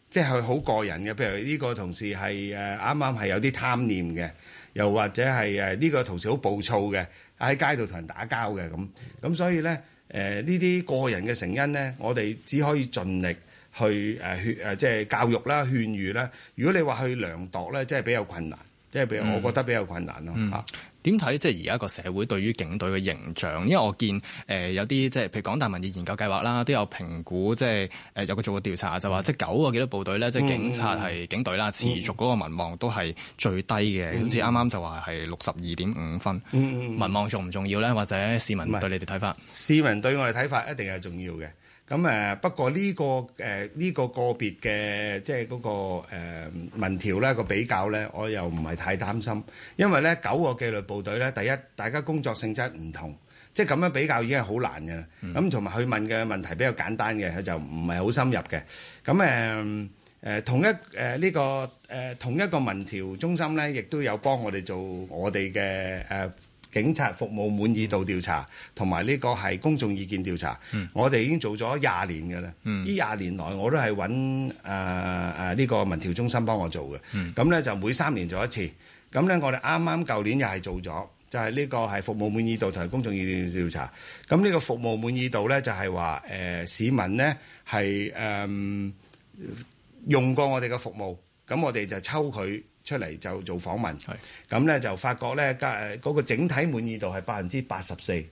即係好個人嘅，譬如呢個同事係誒啱啱係有啲貪念嘅，又或者係誒呢個同事好暴躁嘅，喺街度同人打交嘅咁，咁所以咧誒呢啲、呃、個人嘅成因咧，我哋只可以盡力去誒勸誒即係教育啦、勸喻啦。如果你話去量度咧，即係比較困難，即係譬如我覺得比較困難咯嚇。嗯點睇即係而家個社會對於警隊嘅形象？因為我見誒、呃、有啲即係譬如港大民意研究計劃啦，都有評估即係誒有個做過調查就話，即係九個幾多部隊咧，即、嗯、係警察係警隊啦、嗯，持續嗰個民望都係最低嘅，好似啱啱就話係六十二點五分、嗯。民望重唔重要咧？或者市民對你哋睇法？市民對我哋睇法一定係重要嘅。咁誒不過呢個誒呢個個別嘅即係嗰個誒民調咧個比較咧，我又唔係太擔心，因為咧九個紀律部隊咧，第一大家工作性質唔同，即係咁樣比較已經係好難嘅。咁同埋佢問嘅問題比較簡單嘅，佢就唔係好深入嘅。咁誒誒同一誒呢個誒同一個民調中心咧，亦都有幫我哋做我哋嘅。警察服務滿意度調查同埋呢個係公眾意見調查，我哋已經做咗廿年嘅啦。呢廿年來我都係揾誒誒呢個民調中心幫我做嘅。咁咧就每三年做一次。咁咧我哋啱啱舊年又係做咗，就係呢個係服務滿意度同埋公眾意見調查。咁呢個服務滿意度咧就係話誒市民咧係誒用過我哋嘅服務，咁我哋就抽佢出嚟就做訪問，咁咧就發覺咧，嗰個整體滿意度係百分之八十四，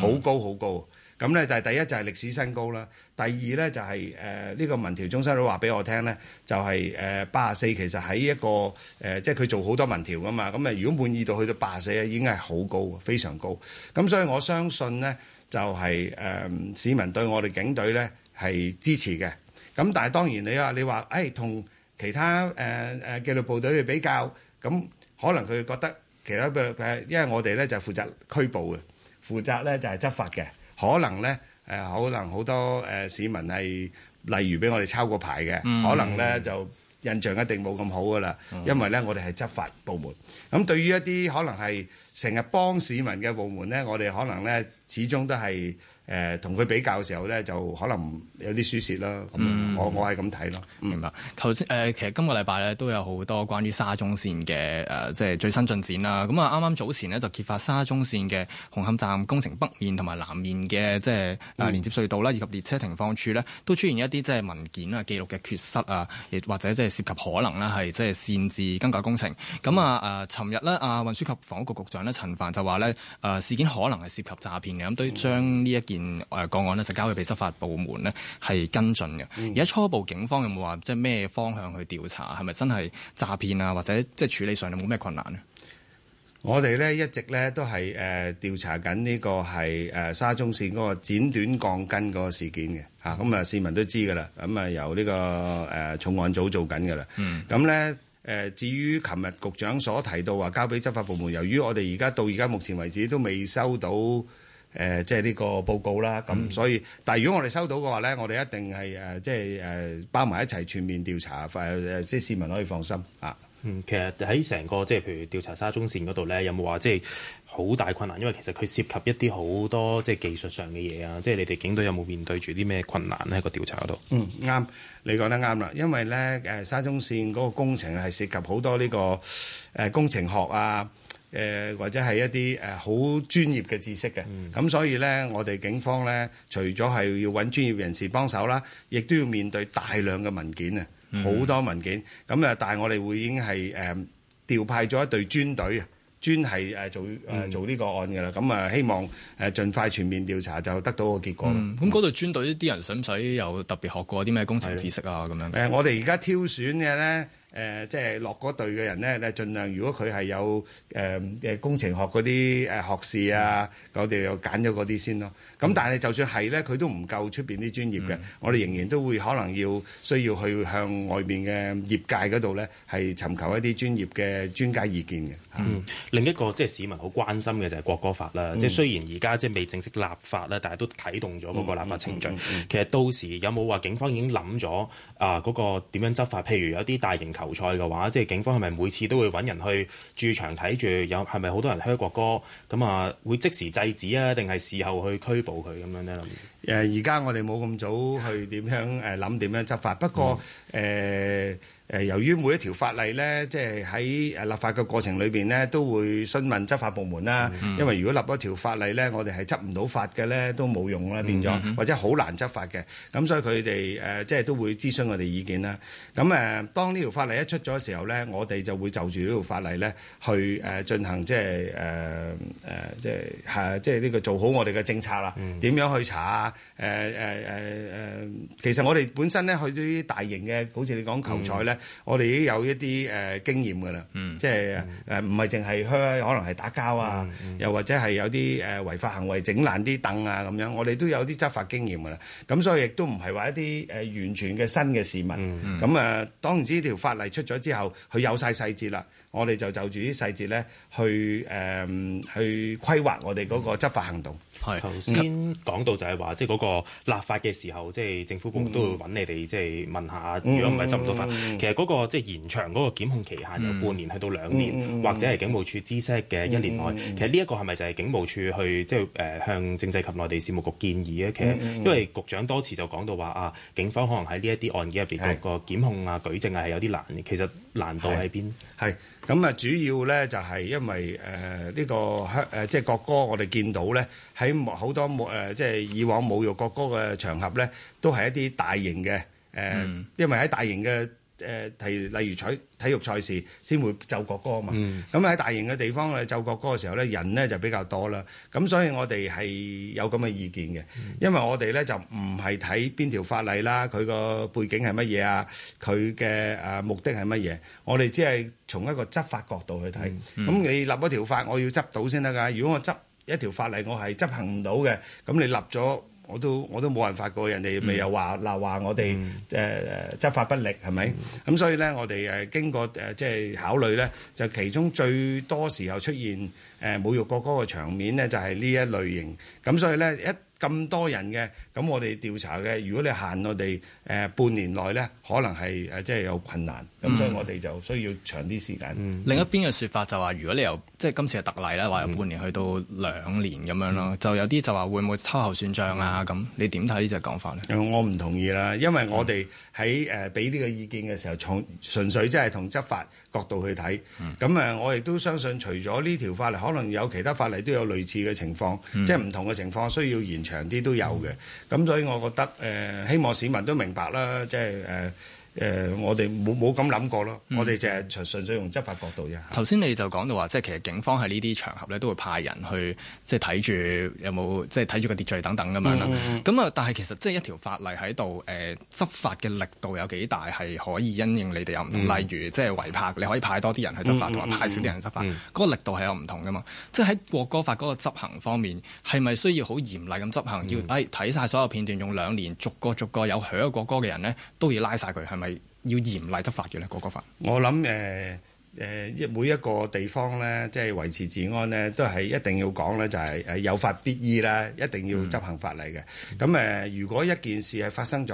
好高好高。咁咧就係第一就係歷史新高啦，第二咧就係誒呢個民調中心都話俾我聽咧，就係誒八十四其實喺一個、呃、即係佢做好多民調噶嘛，咁啊如果滿意度去到八十四已經係好高，非常高。咁所以我相信咧就係、是、誒、呃、市民對我哋警隊咧係支持嘅。咁但係當然你話你話誒同，哎其他誒誒、呃呃、紀律部隊去比較，咁可能佢覺得其他部誒，因為我哋咧就負、是、責拘捕嘅，負責咧就係、是、執法嘅，可能咧誒、呃，可能好多誒、呃、市民係例如俾我哋抄過牌嘅、嗯，可能咧就印象的一定冇咁好噶啦，因為咧我哋係執法部門，咁、嗯、對於一啲可能係成日幫市民嘅部門咧，我哋可能咧始終都係。誒同佢比較嘅時候咧，就可能有啲輸蝕啦。咁、嗯、我我係咁睇咯。明、嗯、白。頭先、呃、其實今個禮拜咧都有好多關於沙中線嘅、呃、即係最新進展啦。咁啊啱啱早前呢，就揭發沙中線嘅紅磡站工程北面同埋南面嘅即係啊連接隧道啦，以及列車停放處呢，都出現一啲即係文件啊記錄嘅缺失啊，亦或者即係涉及可能啦係即係擅自更改工程。咁啊啊，尋、嗯啊、日呢，啊運輸及房屋局局長呢，陳凡就話呢、呃、事件可能係涉及詐騙嘅。咁對於將呢一件。嗯，誒個案呢就交去俾執法部門呢係跟進嘅。而家初步警方有冇話即係咩方向去調查？係咪真係詐騙啊？或者即係處理上有冇咩困難咧？我哋咧一直咧都係誒調查緊呢個係誒沙中線嗰個剪短鋼筋嗰個事件嘅嚇。咁、嗯、啊市民都知噶啦。咁啊由呢個誒重案組做緊噶啦。咁咧誒至於琴日局長所提到話交俾執法部門，由於我哋而家到而家目前為止都未收到。誒、呃，即係呢個報告啦，咁所以，但如果我哋收到嘅話咧，我哋一定係即係誒包埋一齊全面調查，誒即係市民可以放心啊。嗯，其實喺成個即係譬如調查沙中線嗰度咧，有冇話即係好大困難？因為其實佢涉及一啲好多即係技術上嘅嘢啊。即係你哋警隊有冇面對住啲咩困難咧？喺個調查嗰度？嗯，啱，你講得啱啦。因為咧，誒沙中線嗰個工程係涉及好多呢個誒工程學啊。誒、呃、或者係一啲誒好專業嘅知識嘅，咁、嗯、所以咧，我哋警方咧，除咗係要搵專業人士幫手啦，亦都要面對大量嘅文件啊，好、嗯、多文件。咁、嗯、啊，但係我哋會已經係誒、呃、調派咗一隊專隊，專係做、呃、做呢個案㗎啦。咁、嗯、啊、嗯嗯，希望誒盡快全面調查就得到個結果。咁嗰度專隊啲人使唔使有特別學過啲咩工程知識啊？咁樣誒，我哋而家挑選嘅咧。誒即係落嗰隊嘅人咧，咧盡量如果佢係有誒誒、呃、工程學嗰啲誒學士啊，嗯、我哋又揀咗嗰啲先咯。咁、嗯、但係就算係咧，佢都唔夠出邊啲專業嘅、嗯，我哋仍然都會可能要需要去向外邊嘅業界嗰度咧，係尋求一啲專業嘅專家意見嘅、嗯。另一個即係市民好關心嘅就係國歌法啦、嗯，即係雖然而家即係未正式立法啦，但係都啟動咗嗰個立法程序。嗯嗯嗯嗯、其實到時有冇話警方已經諗咗啊嗰個點樣執法？譬如有啲大型球遊賽嘅話，即係警方係咪每次都會揾人去駐場睇住有係咪好多人噓國歌咁啊？會即時制止啊，定係事後去拘捕佢咁樣呢？諗誒，而家我哋冇咁早去點樣誒諗點樣執法，不過誒。嗯呃誒，由於每一條法例咧，即係喺立法嘅過程裏邊咧，都會詢問執法部門啦、嗯。因為如果立一條法例咧，我哋係執唔到法嘅咧，都冇用啦，變咗、嗯，或者好難執法嘅。咁所以佢哋誒即係都會諮詢我哋意見啦。咁、嗯、誒當呢條法例一出咗嘅時候咧，我哋就會就住呢條法例咧，去誒進行即係誒誒即係係即係呢個做好我哋嘅政策啦。點、嗯、樣去查啊？誒誒誒誒其實我哋本身咧去啲大型嘅，好似你講球賽咧。嗯我哋已經有一啲誒經驗噶啦，即係誒唔係淨係噉，可能係打交啊，又或者係有啲誒違法行為，整爛啲凳啊咁樣，我哋都有啲執法經驗噶啦。咁所以亦都唔係話一啲誒完全嘅新嘅市民。咁誒，當然呢條法例出咗之後，佢有曬細節啦，我哋就就住啲細節咧去誒去規劃我哋嗰個執法行動。頭先講到就係話，即係嗰個立法嘅時候，即、就、係、是、政府部門都會揾你哋，即係問下。如果唔係執唔到法，嗯嗯、其實嗰、那個即係、就是、延長嗰個檢控期限由半年去到兩年，嗯嗯、或者係警務處知悉嘅一年內、嗯嗯，其實呢一個係咪就係警務處去即係誒向政制及內地事務局建議呢？其實、嗯嗯嗯、因為局長多次就講到話啊，警方可能喺呢一啲案件入邊個個檢控啊、舉證啊係有啲難。其實難度喺邊？係。咁、嗯、啊，主要咧就係因為誒呢、呃個香誒即係國歌，我哋見到咧喺好多誒即係以往侮辱國歌嘅場合咧，都係一啲大型嘅誒、呃嗯，因為喺大型嘅。誒，係例如睇體育賽事先會奏國歌啊嘛。咁喺大型嘅地方咧奏國歌嘅時候咧，人咧就比較多啦。咁所以我哋係有咁嘅意見嘅，因為我哋咧就唔係睇邊條法例啦，佢個背景係乜嘢啊，佢嘅誒目的係乜嘢。我哋只係從一個執法角度去睇。咁你立一條法，我要執到先得㗎。如果我執一條法例，我係執行唔到嘅，咁你立咗。我都我都冇辦法過，人哋咪又話鬧話我哋誒執法不力係咪？咁所以咧，我哋誒經過誒即係考慮咧，就其中最多時候出現誒侮辱國歌嘅場面咧，就係呢一類型。咁所以咧一。咁多人嘅，咁我哋調查嘅，如果你限我哋、呃、半年內咧，可能係誒、呃、即係有困難，咁、嗯、所以我哋就需要長啲時間、嗯。另一邊嘅說法就話，如果你由即係今次係特例啦，話由半年去到兩年咁、嗯、樣咯，就有啲就話會唔會秋後算賬啊？咁、嗯、你點睇呢隻講法咧？我唔同意啦，因為我哋喺誒俾呢個意見嘅時候，從純粹即係同執法角度去睇，咁、嗯、誒我亦都相信，除咗呢條法例，可能有其他法例都有類似嘅情況、嗯，即係唔同嘅情況需要延。長啲都有嘅，咁所以我覺得，誒，希望市民都明白啦，即係誒。呃誒、呃，我哋冇冇咁諗過咯。我哋淨係純粹用執法角度啫。頭、嗯、先你就講到話，即係其實警方喺呢啲場合咧，都會派人去即係睇住有冇，即係睇住個秩序等等咁樣啦。咁、嗯、啊、嗯，但係其實即係一條法例喺度，誒執法嘅力度有幾大，係可以因應你哋有唔同、嗯。例如，即係違泊，你可以派多啲人去執法，同、嗯、埋派少啲人去執法，嗰、嗯嗯個力度係有唔同噶嘛。即係喺國歌法嗰個執行方面，係咪需要好嚴厲咁執行？嗯、要睇晒所有片段，用兩年逐個逐個有許一個國歌嘅人咧，都要拉晒佢，係咪？要嚴厲執法嘅咧，個個法。我諗誒誒，每一個地方咧，即係維持治安咧，都係一定要講咧，就係誒有法必依啦，一定要執行法例嘅。咁誒，如果一件事係發生咗，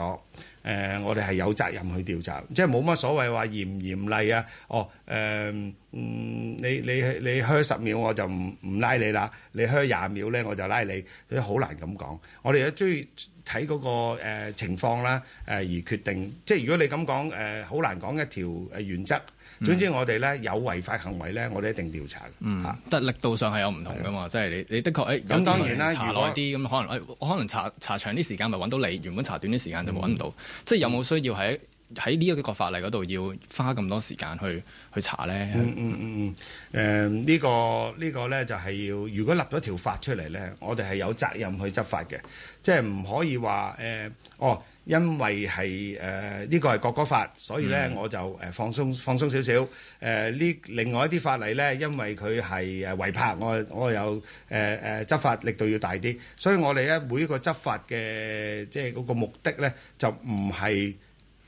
誒，我哋係有責任去調查，即係冇乜所謂話嚴唔嚴厲啊。哦，誒，嗯，你你你噓十秒我就唔唔拉你啦，你噓廿秒咧我就拉你，所以好難咁講。我哋咧中意。睇嗰個情況啦，誒而決定，即係如果你咁講誒，好難講一條誒原則、嗯。總之我哋咧有違法行為咧，我哋一定調查嗯，啊、但係力度上係有唔同嘅嘛，即係、就是、你你的確誒。咁、哎哎、當然啦，如果查耐啲咁，可能我可能查查長啲時間，咪揾到你；原本查短啲時間都冇揾唔到。嗯、即係有冇需要喺？嗯在喺呢一個法例嗰度要花咁多時間去去查咧。嗯嗯嗯嗯。誒、嗯、呢、嗯這個呢、這個咧就係要，如果立咗條法出嚟咧，我哋係有責任去執法嘅，即係唔可以話誒、呃、哦，因為係誒呢個係國歌法，所以咧我就誒放鬆、嗯、放鬆少少。誒、呃、呢另外一啲法例咧，因為佢係誒違泊，我我有誒誒、呃、執法力度要大啲，所以我哋咧每一個執法嘅即係嗰個目的咧就唔係。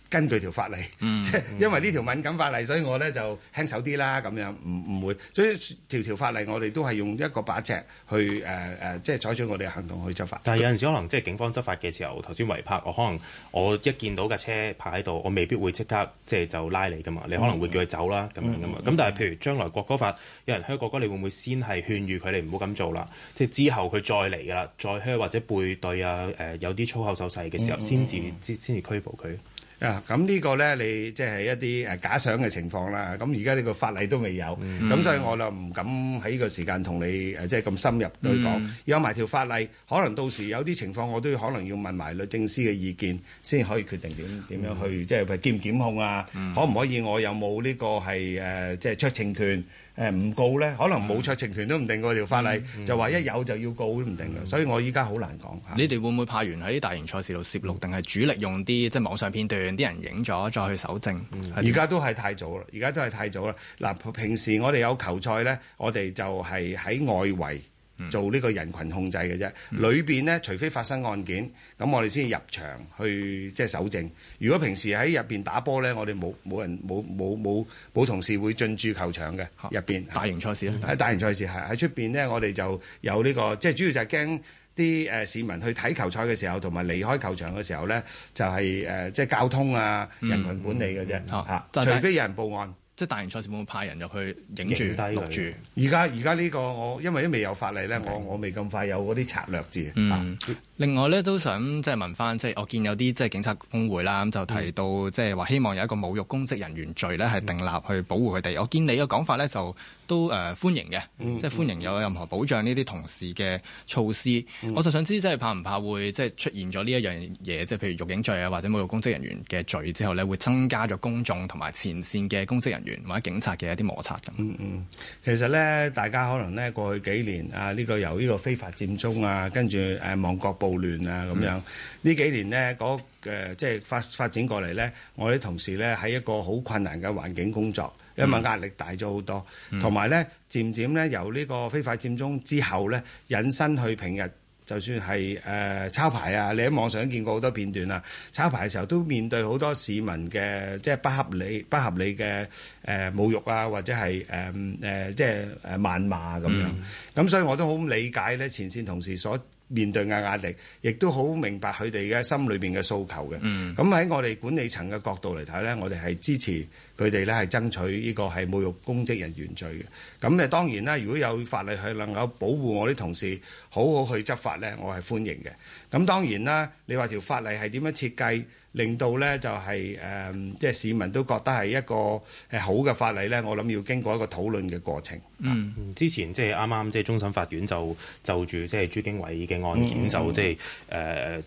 根據條法例，嗯嗯、因為呢條敏感法例，所以我咧就輕手啲啦。咁樣唔唔會，所以條條法例我哋都係用一個把尺去、呃、即係採取我哋嘅行動去執法。但有陣時可能即係警方執法嘅時候，頭先違泊我可能我一見到架車泊喺度，我未必會刻即刻即係就拉你噶嘛。你可能會叫佢走啦咁、嗯、樣噶嘛。咁、嗯嗯、但係譬如將來國歌法有人喺國歌，你會唔會先係勸喻佢哋唔好咁做啦？即係之後佢再嚟噶啦，再喺或者背對啊有啲粗口手勢嘅時候，先至先至拘捕佢。啊，咁呢個咧，你即係一啲誒假想嘅情況啦。咁而家呢個法例都未有，咁所以我就唔敢喺呢個時間同你誒即係咁深入去講。有埋條法例，可能到時有啲情況，我都可能要問埋律政司嘅意見，先可以決定點點樣去即係檢唔檢控啊？可唔可以我有冇呢個係誒即係酌情權？誒唔告咧，可能冇酌情權都唔定個條、嗯、法例，就話一有就要告都唔定嘅、嗯，所以我依家好難講。你哋會唔會拍完喺大型賽事度攝錄，定係主力用啲即係網上片段，啲人影咗再去搜證？而、嗯、家都係太早啦，而家都係太早啦。嗱，平時我哋有球賽咧，我哋就係喺外圍，做呢個人群控制嘅啫，裏、嗯、面呢，除非發生案件，咁我哋先入場去即係、就是、搜證。如果平時喺入面打波呢，我哋冇冇人冇冇冇冇同事會進駐球場嘅入面。大型賽事喺大型賽事係喺出面呢，我哋就有呢、這個即係、就是、主要就係驚啲誒市民去睇球賽嘅時候，同埋離開球場嘅時候呢，就係誒即係交通啊、嗯、人群管理嘅啫嚇，除非有人報案。即係大型賽事會唔會派人入去影住錄住？而家而家呢個我，我因為都未有法例咧，我我未咁快有嗰啲策略字嚇。嗯另外咧都想即係問翻，即、就、係、是、我見有啲即係警察工會啦，咁就提到即係話希望有一個侮辱公職人員罪咧係定立去保護佢哋。我見你個講法咧就都誒、呃、歡迎嘅，即、嗯、係、就是、歡迎有任何保障呢啲同事嘅措施、嗯。我就想知即係、就是、怕唔怕會即係、就是、出現咗呢一樣嘢，即、就、係、是、譬如辱警罪啊，或者侮辱公職人員嘅罪之後咧，會增加咗公眾同埋前線嘅公職人員或者警察嘅一啲摩擦咁、嗯。嗯其實咧大家可能咧過去幾年啊，呢、這個由呢個非法佔中啊，跟住誒旺。啊、角暴暴亂啊，咁樣呢、嗯、幾年呢，嗰、那、誒、個呃、即係發發展過嚟呢，我啲同事呢，喺一個好困難嘅環境工作，因為壓力大咗好多，同、嗯、埋呢，漸漸呢，由呢個非法佔中之後呢，引申去平日就算係誒、呃、抄牌啊，你喺網上見過好多片段啊，抄牌嘅時候都面對好多市民嘅即係不合理、不合理嘅誒、呃、侮辱啊，或者係誒誒即係誒謾罵咁樣，咁、嗯、所以我都好理解呢，前線同事所面對嘅壓力，亦都好明白佢哋嘅心裏邊嘅訴求嘅。嗯。咁喺我哋管理層嘅角度嚟睇咧，我哋係支持佢哋咧係爭取呢個係侮辱公職人員罪嘅。咁咧當然啦，如果有法例去能夠保護我啲同事，好好去執法咧，我係歡迎嘅。咁當然啦，你話條法例係點樣設計？令到咧就係誒，即係市民都覺得係一個誒好嘅法例咧，我諗要經過一個討論嘅過程。嗯，嗯之前即係啱啱即係終審法院就就住即係朱經緯嘅案件，嗯、就即係誒誒，佢、呃、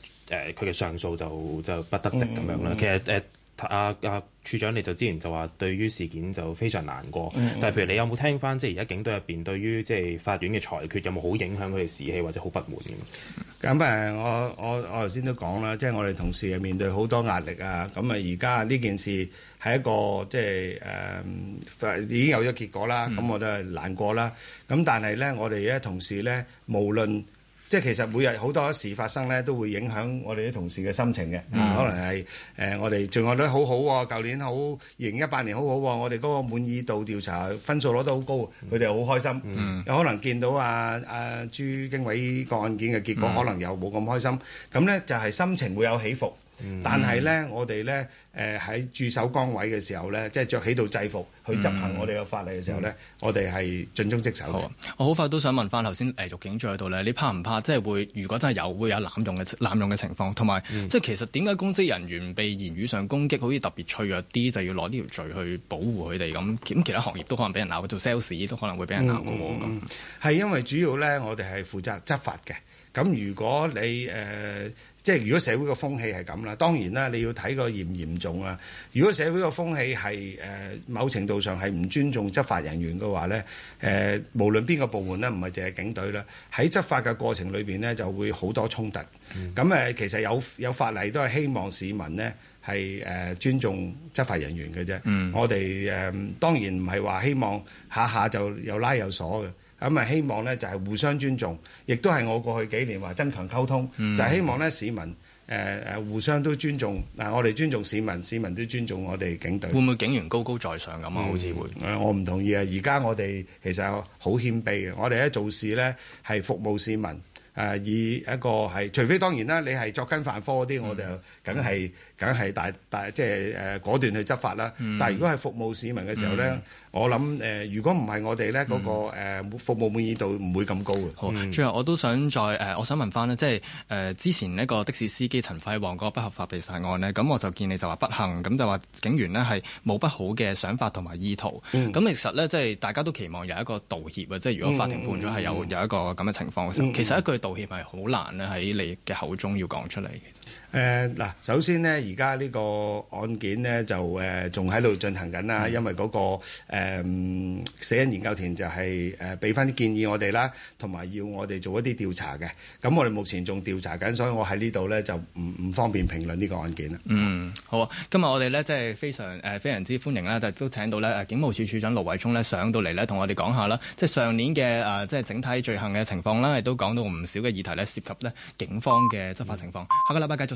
嘅、呃、上訴就就不得直咁、嗯、樣啦。其實誒。呃啊啊，處長你就之前就話對於事件就非常難過，嗯嗯、但係譬如你有冇聽翻即係而家警隊入邊對於即係法院嘅裁決有冇好影響佢哋士氣或者好不滿咁？咁、嗯、誒，我我我頭先都講啦，即係我哋同事啊面對好多壓力啊，咁啊而家呢件事係一個即係誒已經有咗結果啦，咁我都係難過啦。咁、嗯、但係咧，我哋咧同事咧無論，即係其實每日好多事發生咧，都會影響我哋啲同事嘅心情嘅、嗯。可能係誒我哋罪案都好好喎，舊年好二零一八年好好喎，我哋嗰個滿意度調查分數攞得好高，佢哋好開心。嗯，可能見到啊啊朱經緯個案件嘅結果，嗯、可能又冇咁開心。咁咧就係心情會有起伏。但係咧、嗯，我哋咧，誒喺駐守崗位嘅時候咧，即係着起到制服去執行我哋嘅法例嘅時候咧、嗯，我哋係盡忠職守喎。我好快都想問翻頭先誒，獄、呃、警喺度咧，你怕唔怕？即係會，如果真係有，會有濫用嘅濫用嘅情況，同埋、嗯、即係其實點解公職人員被言語上攻擊，好似特別脆弱啲，就要攞呢條罪去保護佢哋咁？咁其他行業都可能俾人鬧，做 sales 都可能會俾人鬧過咁。係、嗯、因為主要咧，我哋係負責執法嘅。咁如果你誒，呃即係如果社會個風氣係咁啦，當然啦，你要睇個嚴唔嚴重啊。如果社會個風氣係誒某程度上係唔尊重執法人員嘅話咧，誒、呃、無論邊個部門咧，唔係淨係警隊啦，喺執法嘅過程裏邊咧，就會好多衝突。咁、嗯、誒，其實有有法例都係希望市民咧係誒尊重執法人員嘅啫、嗯。我哋誒、呃、當然唔係話希望下下就又拉又鎖嘅。咁希望咧就係互相尊重，亦都係我過去幾年話增強溝通，嗯、就係、是、希望咧市民互相都尊重，嗱我哋尊重市民，市民都尊重我哋警隊。會唔會警員高高在上咁啊、嗯？好似會？我唔同意啊！而家我哋其實好謙卑嘅，我哋喺做事咧係服務市民，誒以一個係，除非當然啦，你係作奸犯科嗰啲、嗯，我哋就梗係。梗係大大即係誒，果、就、斷、是呃、去執法啦。嗯、但係如果係服務市民嘅時候咧、嗯，我諗誒、呃，如果唔係我哋咧嗰個、呃、服務滿意度唔會咁高嘅。好，最後我都想再誒、呃，我想問翻咧，即係誒之前呢個的士司機陳輝旺煌個不合法被殺案咧，咁我就見你就話不幸，咁就話警員呢係冇不好嘅想法同埋意圖。咁、嗯、其實咧，即、就、係、是、大家都期望有一個道歉啊，即、就、係、是、如果法庭判咗係有、嗯、有一個咁嘅情況嘅時候，其實一句道歉係好難咧喺你嘅口中要講出嚟嘅。嗱、呃，首先呢，而家呢個案件呢，就誒仲喺度進行緊啦，因為嗰、那個、呃、死因研究團就係誒俾翻啲建議我哋啦，同埋要我哋做一啲調查嘅。咁我哋目前仲調查緊，所以我喺呢度呢，就唔唔方便評論呢個案件啦。嗯，好啊，今日我哋呢，即、就、係、是、非常誒、呃、非常之歡迎啦，就都、是、請到咧警務處處長盧偉聰呢，上到嚟呢，同我哋講下啦。即係上年嘅即係整體罪行嘅情況啦，亦都講到唔少嘅議題呢，涉及呢警方嘅執法情況。下個禮拜繼續。